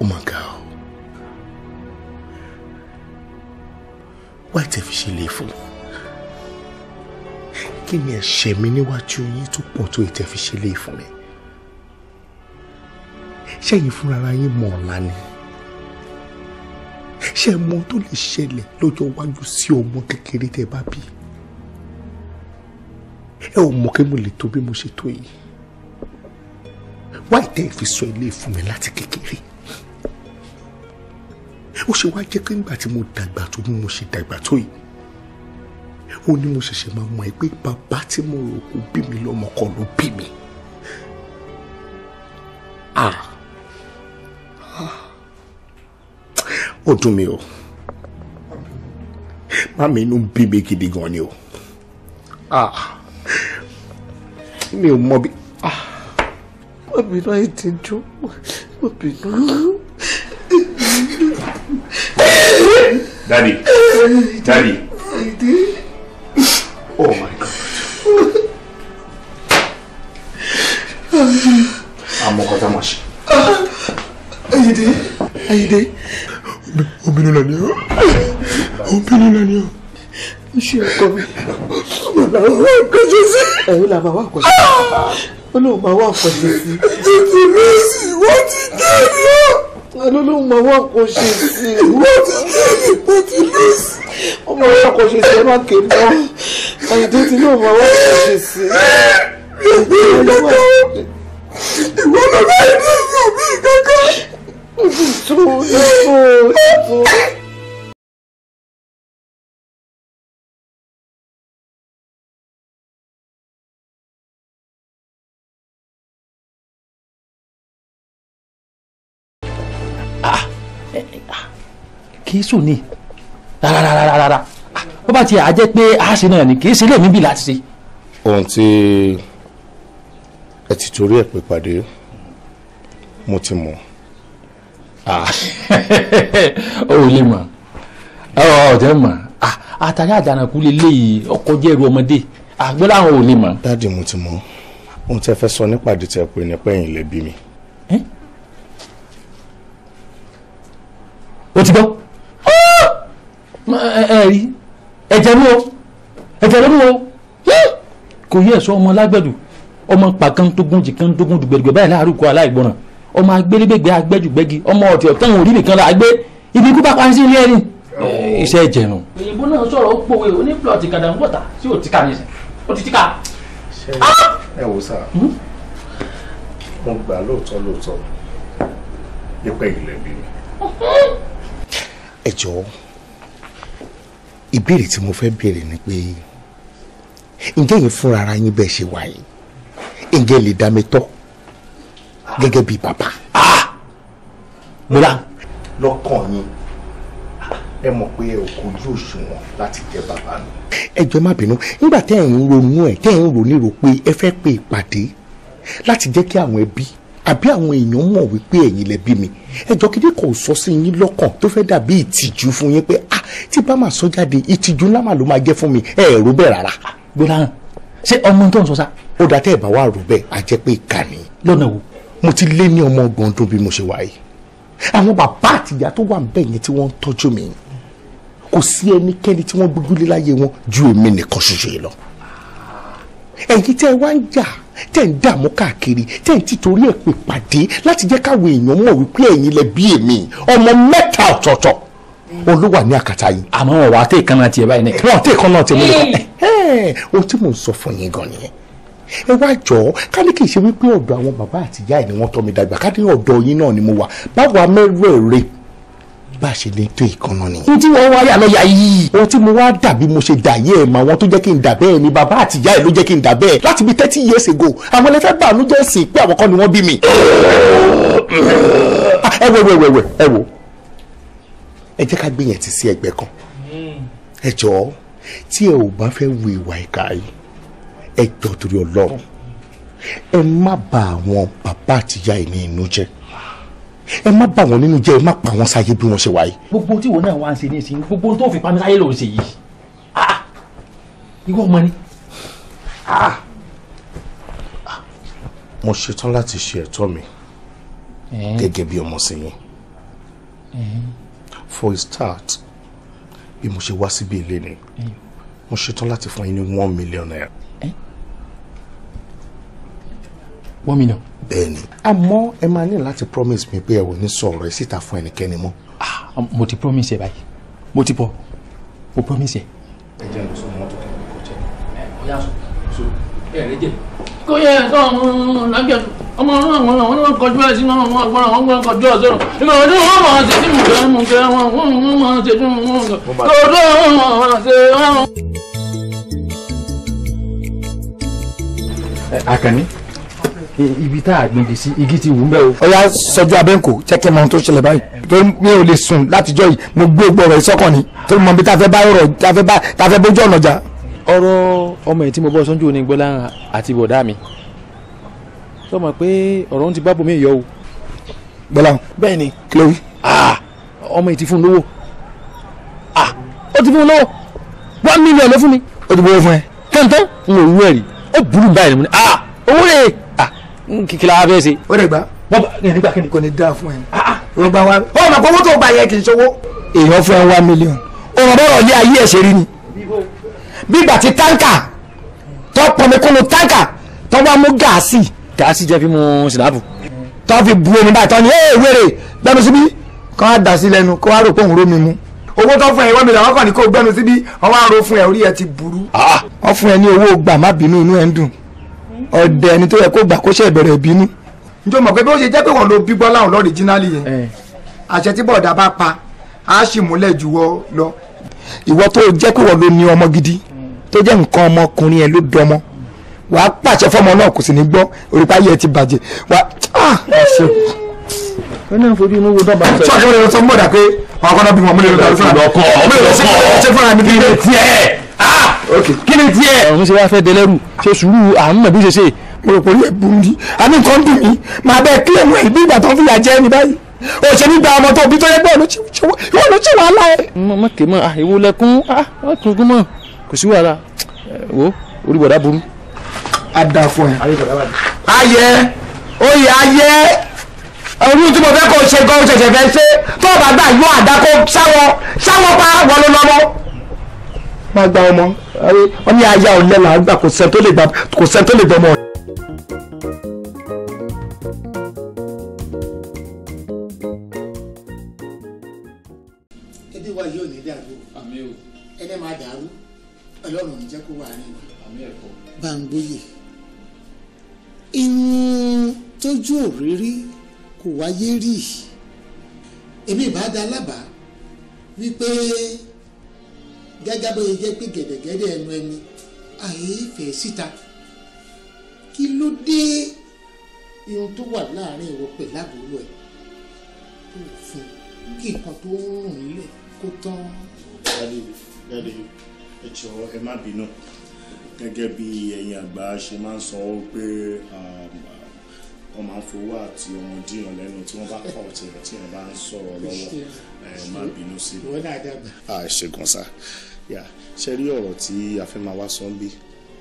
ó mà ga o wáìtẹ́ fi lè fún un kí ni ẹ̀ṣẹ̀ mi níwájú yín tó pọ̀ tó ìtẹ́ fi ṣe léè fún mi ṣẹ́yìn fúnra ara yín mọ̀ ọ̀la ni ṣé mọ tó lè ṣẹlẹ̀ lọ́jọ́ iwájú sí ọmọ kékeré tẹ́ bá bí ẹ ò mọ̀ kí mo lè tó bí mo ṣe tó yìí wáì tẹ́ fi sọ ilé fún mi láti kékeré ó ṣe wá jẹ́ pé nígbà tí mo dàgbà tó bí mo ṣe dàgbà tó yìí ó ní mo ṣẹ̀ṣẹ̀ máa mọ̀ ẹ́ pé bàbá tí mo rò kó bí mi lọ́mọ kọ́ ló bí mi. ó dùn mí o màmí inú bí mi gidi gan ni o mi ò mọ bí. mọ̀bí náà ètè jó mọ̀bí náà. Daddy, daddy. àmọ́ kọjá máa ṣe. Ayídé Ayídé. obìnrin náà ni ọ obìnrin náà ni ọ. iṣẹ́ ọkọ mi làwọn wà kọjá sí. ẹ̀yin là máa wà kọjá sí olóhùn máa wà kọjá sí. títí mẹ́sì wọ́n ti dé lọ. olóhùn máa wà kọjá sí. wọ́n ti dé ní pọ́tí mẹ́sì. ọmọ wa kọjá sí ẹ má kéde náà Ayídé ti lóhùn máa wà kọjá sí ìwọ ló bá yẹ ní ìlú mi kankan. tó tó tó. kì í sùn ní rárá rárá bó bá ti àjẹ́ pé a ṣe náà ni kì í ṣe lèmi bí láti ṣe. ohun tí ẹ ti torí ẹ̀ pé pàdé mo ti mọ̀ ó lè mọ̀ ọ̀jẹ̀ mọ̀ àtàrí àdànàkú lélẹ́yìí ọkọ̀ jẹ́rú ọmọdé àgbẹ̀lá àwọn ò lè mọ̀. dáàdì mo ti mọ̀ ohun tẹ́ fẹ́ sọ nípàdé tẹ́ pé ní pẹ́yìn lè bí mi. o ti gbọ́ ẹ rí ẹ̀jẹ̀ mú o ẹ̀jẹ̀ ló mú o kò yẹ ẹ̀sọ́ ọmọ lágbẹ̀dù ọmọ pàkan tó gún jì kan tó gún dùgbẹ̀dùgbẹ̀ báyìí láàárọ̀ kó aláìgbọràn ọmọ agbélégbègbè agbẹ́jùgbẹ́gi ọmọ ọ̀tí ọ̀tán òrí nìkan la gbé ibi ikú bá parí sí ilé ẹni iṣẹ́ ìjẹun. òyìnbó náà sọ̀rọ̀ ó pòwe ó ní plọ̀tì kàdàmúbọ̀tà tí ò tíkà ní ó ti tíkà. Ah! ẹ wò sá hmm? mo gbà lóòótọ́ lóòótọ́ nípa ìlẹ̀ bí mi. ẹ jọ̀ọ́ ìbéèrè tí mo fẹ́ béèrè ni pé ǹjẹ́ yín fúnra ara yín bẹ́ẹ̀ ṣe wáyé ǹjẹ́ lè dá mi tọ́ gẹ́gẹ́ bíi bàbá. Ah! múra lọ́kàn yín ẹ mọ̀ pé ẹ kò ojú òṣùwọ̀n láti jẹ́ bàbá mi. ẹ jọ̀ọ́ má bínú nígbà tẹ́ ẹ̀ ń ronú ẹ̀ tẹ́ ẹ̀ ń ronú rò pé ẹ fẹ́ pe ìpàdé láti jẹ́ kí àwọn ẹbí àbí àwọn èèyàn mọ̀ wípé ẹ̀yin lẹ bí mi ẹ jọ̀ọ́ kíndé kò sọ sí yín lọ́kàn tó fẹ́ dàbí ìtìjú fún yín pé ah tí bá máa sọ jáde ìtìjú ńlá màá ló máa jẹ́ fún mi ẹ ẹ̀ rò bẹ́ẹ̀ rárá. gbọ́dọ̀ ṣé ọmọ tó ń sọ sá. ó dà tẹ́ ẹ̀ bá wà rò bẹ́ẹ̀ á jẹ́ pé ìkà ni. lọ́nà wo. mo ti lé ní ọmọ ọgbọ̀n ọdún bí mo ṣe wà yìí àwọn bàbá àtìyá tó wà níbẹ̀ yẹn tí wọ́n ń tọ́jú mi kò sí ẹnikẹ́ni tí wọ́n gbójúlé láyé wọn ju èmi nìkan ṣoṣo yìí lọ. ẹ̀yin tẹ́ ẹ wá ń jà tẹ́ ń dààmú káàkiri tẹ́ ń tìtorí ẹ̀ pè pàdé láti jẹ́ káwọn èèyàn mọ̀ wípé ẹ̀yin ohun tí mò ń sọ fún yín gan nìyẹn ẹ wá jọ ká ní kì í ṣe wípé ọ̀dọ̀ àwọn bàbá àti ìyá ẹ̀ ni wọ́n tọ́ mi dàgbà ká ní ọ̀dọ̀ yín náà ni mo wà báwo amẹ́rẹ̀ẹ́rẹ́ bá a ṣe lè tó ìkànnà nìyẹn. ohun tí wọ́n wá yà lọ́yà yìí. ohun tí mo wá dàbí mo ṣe dà yé ẹ̀ mọ àwọn tó jẹ́ kí n dà bẹ́ẹ̀ ni bàbá àti ìyá ẹ̀ ló jẹ́ kí n dà bẹ́ẹ̀ láti bíi thirty years ago àwọn ẹlẹ́fẹ́ bàánú jẹ́ sìn pé àwọn kan ni wọ́n bí mi. Ah, ẹ wò ẹ wò ẹ wò ẹ wò ẹ jẹ́ ká gbìyànjú sí ẹgbẹ́ kan hmm. ẹ jọ̀ọ́ tí ẹ ò bá fẹ́ wu ìwà ìkà yìí ẹ jọ ọlọ́run ẹ má bà àwọn bàbá àtìyá ẹ̀ ní inú jẹ́ ẹ má bà wọn nínú jẹ́ ẹ má pa wọn sáyé bí wọ́n ṣe wáyé. gbogbo tí ìwọ náà wá ń ṣe ní ìsìn gbogbo tó fi pamí sáyé ló ń ṣe yìí ìwọ ah, ọmọ ni. Ah. mo ṣetán láti ṣe ẹ̀tọ́ mi gẹ́gẹ́ bí ọmọ sí yín for a start bí mo ṣe wá síbi ilé ni mo ṣetán láti fún yín ní one million naira. one million. bẹ́ẹ̀ni àmọ́ ẹ máa ní láti promise mi pé ẹ wò ní sọ̀rọ̀ ẹ síta fún ẹnikẹ́ni mọ́. Ah, um, mo ti promise ẹ báyìí mo ti pọ mo promise ẹ. ẹ jẹ́ lọ sọ mọ́tò kẹ́kọ̀ọ́ jẹ́ ẹ ọ̀yà sọ ẹ rẹ jẹ́ kó yẹ ẹ sọ ọmọ lágbẹ̀dù ọmọ ọmọ àwọn àwọn náà kọjú ẹ sínú àwọn agbára àwọn agbára kọjú ẹ sọ̀rọ̀ ìgbà ọdún wọn máa ṣe tí mo kẹ mo kẹ wọn wọn máa ṣe tí mo kẹ ọdún wọn máa ṣe wọn. Àkànní ibi tá a gbèdè sí igi ti wù ú bẹ́ẹ̀ o. ọ̀yá sọjú abẹ́ǹkò jẹ́ mọ ohun tó ṣẹlẹ̀ báyìí torí mi ò lè sùn látijọ́ yìí mo gbé ògbó rẹ̀ ni torí mọ ibi tá a fẹ́ bá ọ̀rọ̀ tá a fẹ́ bójú ọ̀nà jà ọ̀rọ̀ ọmọ ẹ̀ tí mo bọ́ sọ́njú ní gbọ́láhàn àti bọ̀dá mi sọ ma pé ọ̀rọ̀ ń ti bá bòmí yọ o. gbọ́láhàn bẹ́ẹ̀ ni kí ló wí. ọmọ ẹ̀ ti fún lówó ó ti fún lówó one million ló fún mi. ó ti bọ́ fún ẹ. kẹ́ńtọ́ n ò wú ẹ̀ rí ó burú báyìí mo ni. owó rẹ̀ kìkìlà abẹ́ ṣe. ó rẹ̀ gbá bọ́ọ̀bà nígbà kí ni kò ní dáa fún ẹ. rọgbà wa ọmọ kò wọ́n tó gbà yẹ kì í ṣòwò. èèyàn fún ẹ one million. òun bọ̀rọ̀ ní ayé ẹ̀ ṣe rí ni bígbà tí táǹkà tó pọnmi kúnnu táǹkà tó wá mú gáàsì gáàsì jẹ́ fi mu sinapu tó fi bu ẹni báyìí tó ní ee wéré gbẹnu síbí kó wá dà sí lẹ́nu kó wá rò pé òun rómi mu. owó tó fún ẹ ìwọ́n mi làwọn kàn ní kó gbẹnu síbí wọ́n wá ro fún ẹ orí ẹ ti burú. Ah! wọ́n fún ẹ ní owó gbà má bínú inú ẹ ń dùn ọ̀dẹ̀ ẹni tó yẹ kó gbà kó ṣe ìbẹ̀rẹ̀ bínú. njó mọ̀ pé bí ó ṣe jẹ́ pé wọ́n lo bí bọ́lá òun lọ́rìjínálì yẹn eh. àṣẹ tí bọ̀dà bá pa á sì múlẹ̀ jù wọ́ lọ. ìwọ tó jẹ́ pé wọ́n lo ní ọmọ gidi tó jẹ́ nǹkan ọmọkùnrin ẹ ló dọmọ wàá pàṣẹ fọmọ náà kò sì ní gbọ́ òrùka yẹ ti bàjẹ́ wàá ah ẹ ṣe. ó náà fojú inú wo dọ́gba sọ. sọ́ọ̀kì wọlé lọ sọ mọ́dà pé àwọn kan náà bí wọn múlẹ̀ lọ́kọ̀ lọ́kọ̀ múlẹ̀ lọ́kọ̀ ṣé fúnra mi kí ni tiẹ̀ ah, kí ni tiẹ̀. ọ̀hún ṣe wá fẹ́ dẹlẹ́rù ṣe sùúrù àmọ́ bí ṣe ṣe. mo rò pé orí ẹ̀ burundi àní nǹkan dùn mí màá bẹ́ẹ̀ kílẹ̀ mọ́ ìbí ìgbà tó ń fìyà jẹ ní báyìí o ṣe nígbà ọmọ tó bí tó yẹ bẹ́ẹ̀ ló ṣe wàhálà ẹ̀. mọ̀mọ́ tèmọ́ àìwọlẹ̀kùn ah ọ̀tún ah, gúnmọ́ kò sí wàhálà eh, wo orí bọ̀dá burú. a da fún ẹ. ayẹ oyè ayẹ orí tí mo fẹ́ kó ṣe gan ṣẹ̀ṣẹ̀ fẹ́ ṣe tó o bá gbà yọ àdákó sáwọn sáwọn pa wọlé lọ́mọ. má gba ọmọ wọn ní aya ọ̀lẹ́ là ń gbà kò sẹ́ni tó lè gbà kò sẹ́ni tó lè gbọ́ ọmọ. ẹbí wa dàrú ẹni máa dàrú ọlọ́run ní jẹ́ kó wà ní wa bàǹgbóyè irun tójú òrírí kò wáyé rí èmi ìbá da lábàá wípé gẹ́gẹ́ bóyá jẹ́ pé gẹ̀dẹ̀gẹ̀dẹ̀ ẹnu ẹni àìfẹ́ síta kí ló dé irun tó wà láàrin ìwọ pẹ̀lú àbúrò ẹ̀ tó fún kí nǹkan tó ń rùn nílẹ̀ kó tán ẹ jọ ẹ má bínú gẹ́gẹ́ bí ẹ̀yin àgbà ṣe máa ń sọ pé um, wọ́n máa ń fowó àti ọmọ díran lẹ́nu tí wọ́n bá kọ̀ tí wọ́n tí wọ́n bá ń sọ̀rọ̀ lọ́wọ́ ẹ má bínú sí i. wọ́n náà dàgbà. a ṣe gan sa ṣe rí ọ̀rọ̀ tí a fẹ́ máa wá sọ ń bí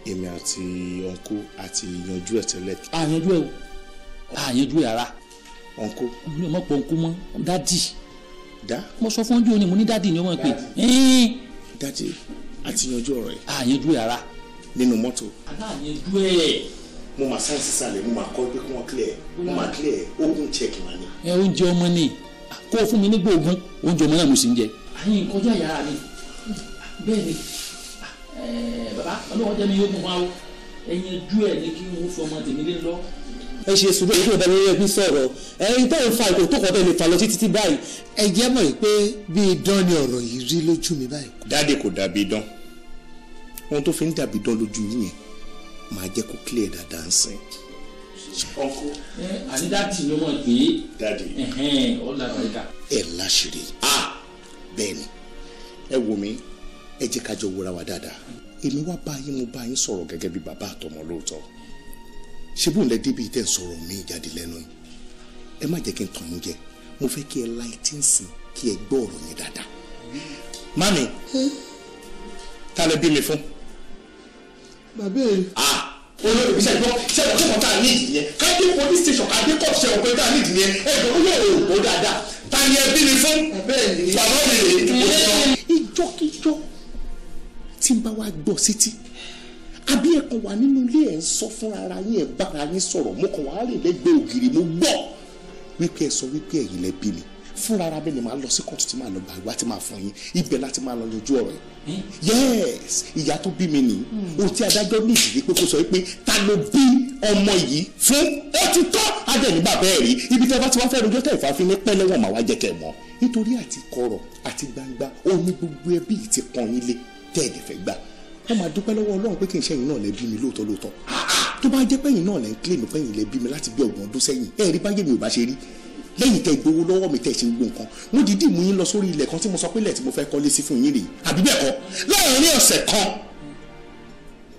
èmi àti ọ̀nkú àti yanjú ẹ̀ tẹ́lẹ̀. a yanjú ẹ o a yanjú ẹ ara. ọ̀nkú. mi ò mọ̀ pé ọ̀nkú mọ́ dádì. dá. mo sọ fún ọjọ́ òní mo ní dádì ni wọ́n pè. dádì àti yanjú ọ̀rọ̀ yìí. a yanjú yàrá. nínú mọ́tò. a náà yanjú ẹ̀. mo máa sáyẹn sísàlẹ̀ mo máa kọ́ pé kí wọ́n clear mo máa clear ogun check máa ní. ẹ oúnjẹ ọmọ ni kó o fún mi nígbà ogun oúnjẹ ọmọ náà mo sì ń jẹ. àyìn kọjá yàrá mi bẹ́ẹ̀ ni bàbá ọlọ́wọ́ jẹ́ mi yóò mú wa o ẹ̀yin ojú ẹ̀ ní kí n fọmọ tèmi lé lọ́wọ́ ẹ ṣe sùúrù ìdúró bẹ́ẹ̀ lórí ẹbí sọ̀rọ̀ ẹ̀yin tẹ́ ń fa ìkòkò tó kọ́ bẹ́ẹ̀ lè fà lọ títí báyìí. ẹ jẹ́ mọ̀ pé bí idán ni ọ̀rọ̀ yìí rí lójú mi báyìí. dáde kò dàbí idán ohun tó fi ń dàbí idán lójú yín yẹn máa jẹ́ kó clear dáadáa ń sìn. ọkọ àti dáàtì ló mọ̀ pé dáàdì ó ẹ láṣìírí bẹ́ẹ̀ ni ẹ wò mí ẹ jẹ́ ká wúra wa dáadáa èmi wá bá yín mo bá yín sọ̀rọ̀ gẹ́gẹ́ bí bàbá àtọmọ lóòótọ́ ṣé bóun lẹ débi tẹ́ ń sọ̀rọ̀ mi jáde lẹ́nu yìí ẹ má jẹ́ kí n tàn yín jẹ mo fẹ́ kí ẹ láì tí ń sìn kí ẹ gbọ́ ọ̀rọ̀ yẹn dáadáa. mami ta lẹ bí mi fún. bàbá ẹ. ah olórí ìbísẹ̀ gbọ́ ṣe ọ̀rọ̀ tó ta ní ìdíyẹn káyọ̀dé police station káyọ̀dé court ṣe ọ̀pẹ ta ní ìdíyẹn ẹ gbọ́dọ̀ yóò rò ó dáadáa ta ni ẹ bí mi fún. bàbá ẹ ní. bàbá tí n bá wa gbọ́ sétí àbí ẹ kàn wà nínú ilé ẹ̀ ń sọ fún ara yín ẹ̀ bára yín sọ̀rọ̀ mo kàn wá rè lẹ́gbẹ̀ẹ́ ògiri mo gbọ́ wípé ẹ sọ wípé ẹ̀yin lẹ bí mi fúnra ara bẹ́ẹ̀ ni màá lọ sí kóòtù tí màá lọ gbà ìwà tí màá fún yín ibẹ̀ láti máa lọ yanjú ọ̀rọ̀ yìí yes ìyá tó bí mi nìyí hmm. ohun tí adájọ́ ní ìdílé pé kó sọ pé ta ló bí ọmọ yìí fún ó ti tọ́ adẹ̀ní bàbá ẹ̀ rí ibi tí a bá ti wá fẹ́ rojọ́ tẹ̀ ìfàfin ní pẹ́lẹ́ wọn màá wá jẹ́ kẹ́ mọ́ nítorí àti kọ̀rọ̀ àti gbangba ó gbogbo ẹbí ti pọ́n yín tẹ́ẹ̀dẹ̀fẹ́ gbà ẹ máa dúpẹ́ lọ́wọ́ ọlọ́run pé kì í ṣẹ́yìn náà lẹ bí mi lóòótọ́ lóòótọ́ tó bá jẹ́ pẹ́yìn náà lẹ ń kílèmù pẹ́yìn lẹ bí mi láti bí ọgbọ̀n ọdún sẹ́yìn ẹ rí báyé mi ò bá ṣe rí lẹ́yìn tẹ́ gbowó lọ́wọ́ mi tẹ́ ṣe gbogbo nǹkan mo dìídì mú yín lọ sórí ilẹ̀ kan tí mo sọ pé ilẹ̀ tí mo fẹ́ kọ́lé sí fún yín rèé àbí bẹ́ẹ̀ kọ́ láàárín ọ̀sẹ̀ kan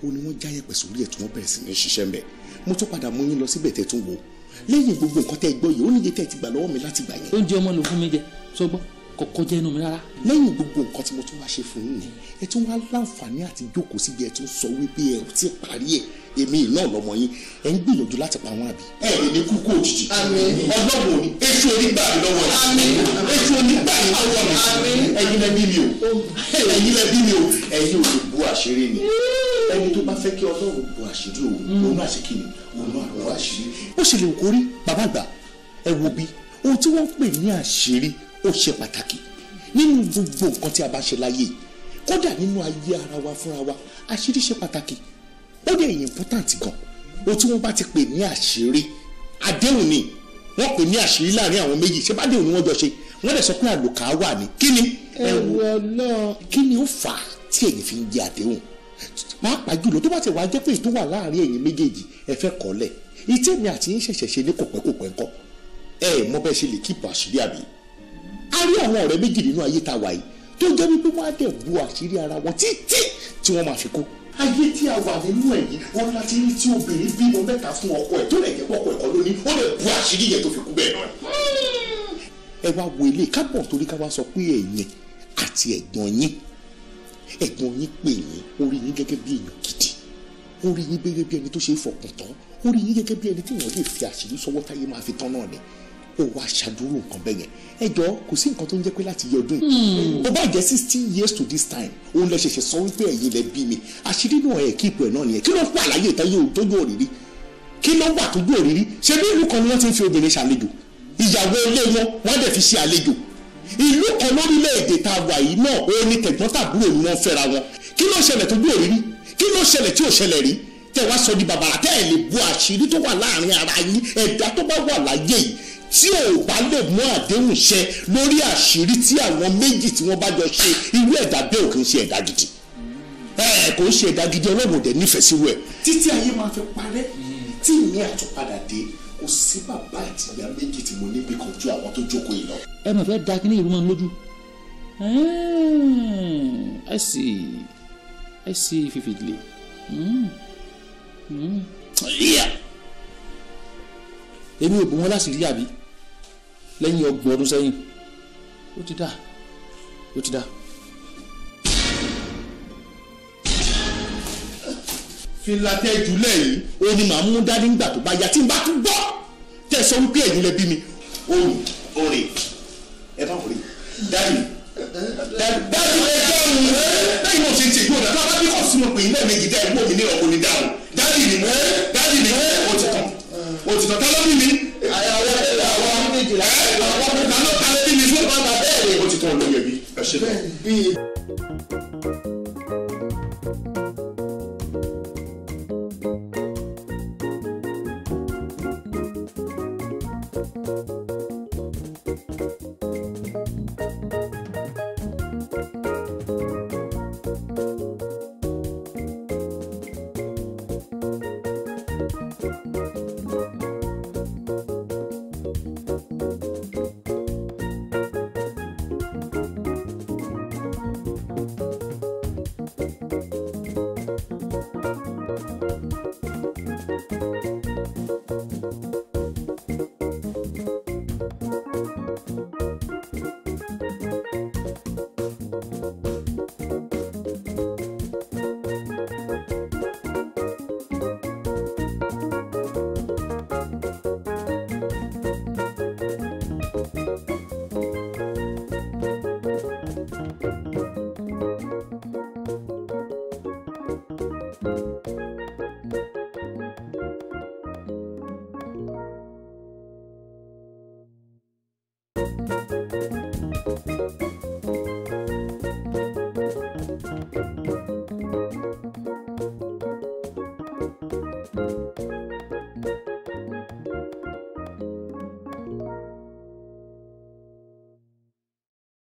ó ní wọ́n jáyẹ̀ pẹ̀ sórí ẹ̀ tí wọ́n bẹ̀rẹ̀ sí ní ṣiṣẹ́ mbẹ̀ mo tún padà mú yín lọ síbẹ̀ tẹ́ tún wò lẹ́yìn gbogbo nǹkan tẹ́ gbọ́ yìí ó níye tẹ́ ti gbà lọ́wọ́ mi láti gbà yẹn. oúnjẹ ọmọ ló fún mi jẹ sọgbọ́n kò kọjá ẹnu mi rárá. lẹ́yìn gbogbo nǹkan tí mo tún wá ṣe fún un nìyẹn ẹ tún wá láǹfààní àti jókòó síbi ẹ tún sọ wípé ẹ ò parí ẹ èmi náà lọmọ yín ẹ ń gbìyànjú láti pa wọn àbí. ẹ ẹ ní kúkú òjijì. ọlọ́run ni èṣù onígbà mi lọ́wọ́ yìí. èṣù onígbà mi lọ́wọ́ mi. ẹ̀yin lẹ bí mi o ẹ̀yin lẹ bí mi o ẹ̀yin ò lè bu àṣírí ni. ẹni tó bá fẹ́ kí ọlọ́run bu àṣírí òun hmm. òun náà ṣe kí ni òun náà bu àṣírí. ó ṣe lè kórí bàbá àgbà ẹ wo bí ohun tí wọ́n pè ní àṣírí ó ṣe pàtàkì nínú gbogbo nǹkan tí a bá ṣe láyé kódà nínú ayé ara wa fúnra wa àṣírí ṣe pàtàkì ó dẹ̀ important gan o tí wọ́n bá ti pè ní àṣírí àdéhùn ni wọ́n pè ní àṣírí láàrin àwọn méjì ṣé bá déhùn ni wọ́n jọ ṣe wọ́n dẹ̀ sọ pé àlòkà wà ní kí ni. ẹ̀rù ọlọ́ọ̀. kí ni ó fà á tí èyí fi ń jẹ àdéhùn pàápàá jùlọ tó bá ti wá jẹ́ pé èyí tó wà láàrin ẹ̀yin méjèèjì ẹ fẹ́ kọ́lẹ̀ ìtẹ̀mí àti yín ṣẹ̀ṣẹ̀ ṣe ní kòpẹ́kòpẹ́ ńkọ́ ẹ mọ bẹ́ẹ̀ ṣe lè kíìpù àṣírí àbí a rí àwọn ọ̀rẹ́ méjì nínú ayé tá a wà yìí tó jẹ́ wípé wọ́n á dẹ̀ bu àṣírí ara wọn títí tí wọ́n máa fi kú. ayé tí a wà nínú ẹ̀ yìí wọn láti rí tí obìnrin bímọ mẹ́ta fún ọkọ ẹ̀ tó lè jẹ́ pọ̀pọ̀ ẹ̀kọ́ lónìí ó lè bu àṣírí yẹn tó fi kú bẹ́ẹ̀ náà. ẹ wá wo ilé kábọ̀ torí ká wá sọ pé ẹ̀yin àti ẹ̀gbọ́n yín ẹ̀gbọ́n yín pè yín ó rí yín gẹ́gẹ́ bí èèyàn gidi ó rí yín gẹ́gẹ́ bí ẹni tó ṣe é fọkàn tán ó rí yín gẹ́gẹ́ bí ẹni tí èèyàn lè fi àṣírí sọwọ́ táyé máa fi tán náà ni ó wá ṣàdúró nǹkan bẹ́ẹ̀ yẹn ẹ jọ kò sí nǹkan tó ń jẹ́ pé láti yẹ ọdún yìí hmm. ó bá jẹ́ sixteen years to this time òun lẹ ṣẹ̀ṣẹ̀ sọ wípé ẹ̀yin lẹ bí mi àṣírí náà ẹ̀ kíìpù ẹ̀ náà nìyẹn kí ló wà láyé ìtayé òtójú òrìrí kí ló wà tójú òrìrí ṣé ní ìlú kan ni wọ́n ti ń fi obìnrin ṣàlejò ìyàwó ilé wọn wọ́n dẹ̀ fi ṣe àlejò ìlú kan lórílẹ̀‐èdè tá a wà yìí náà ó ní tẹ̀gbọ́n-tàbúrò ni wọ́n fẹ́ra wọn kí ló ṣẹlẹ̀ tójú òrìrí kí ló ṣẹlẹ̀ tí ò ṣẹlẹ̀ rí tẹ̀ wá sọ di bàbàrà tẹ́ ẹ̀ lè bu àṣírí tó wà láàrin ara yín ẹ̀dá tó bá wà láyé yìí tí ò bá lè mú àdéhùn ṣẹ lórí àṣírí tí àwọn méjì tí wọ́n bá jọ ṣe irú ẹ̀dá bẹ́ẹ̀ ò kì í ṣe ẹ̀dá gidi ẹ̀ kò ń ṣe ẹ̀dá gidi ọlọ́run dẹ̀ nífẹ̀ẹ́ sí wẹ̀. títí ayé máa fi parẹ́ tí ìní àtúnpadà dé kò sí bàbá àti méjì tí mo níbi kan ju àwọn tó jókòó yìí lọ. ẹ mà fẹ́ da kíní ìlú máa ń lójú. I see I see vividly. Mm. Mm. Yeah. èmi ò bò wọn láti rí àbí lẹ́yìn ọgbọ̀n ọdún sẹ́yìn ó ti dà ó ti dà. filatẹ julẹ yìí ó ní màá mú dání nígbà tó bá yá tí n bá tún gbọ́ tẹ sọ wípé ẹ̀yin lẹ bí mi. orin orin ẹ bá orin dání dání ẹ dáhùn lẹ́yìn mo ṣe ti gbóná tó a bá bí kò sínú pè é lẹ́ẹ̀mejì dá ẹ ní ọkùnrin dání dání ni mo ti tán òtítọ́ tá ló bí mi. àwọn ọmọdé àwọn méjì la. ẹ àwọn ọmọdé náà ló ló bí mi fún. òtítọ́ olóyè bí ẹ ṣe bẹ́ẹ̀.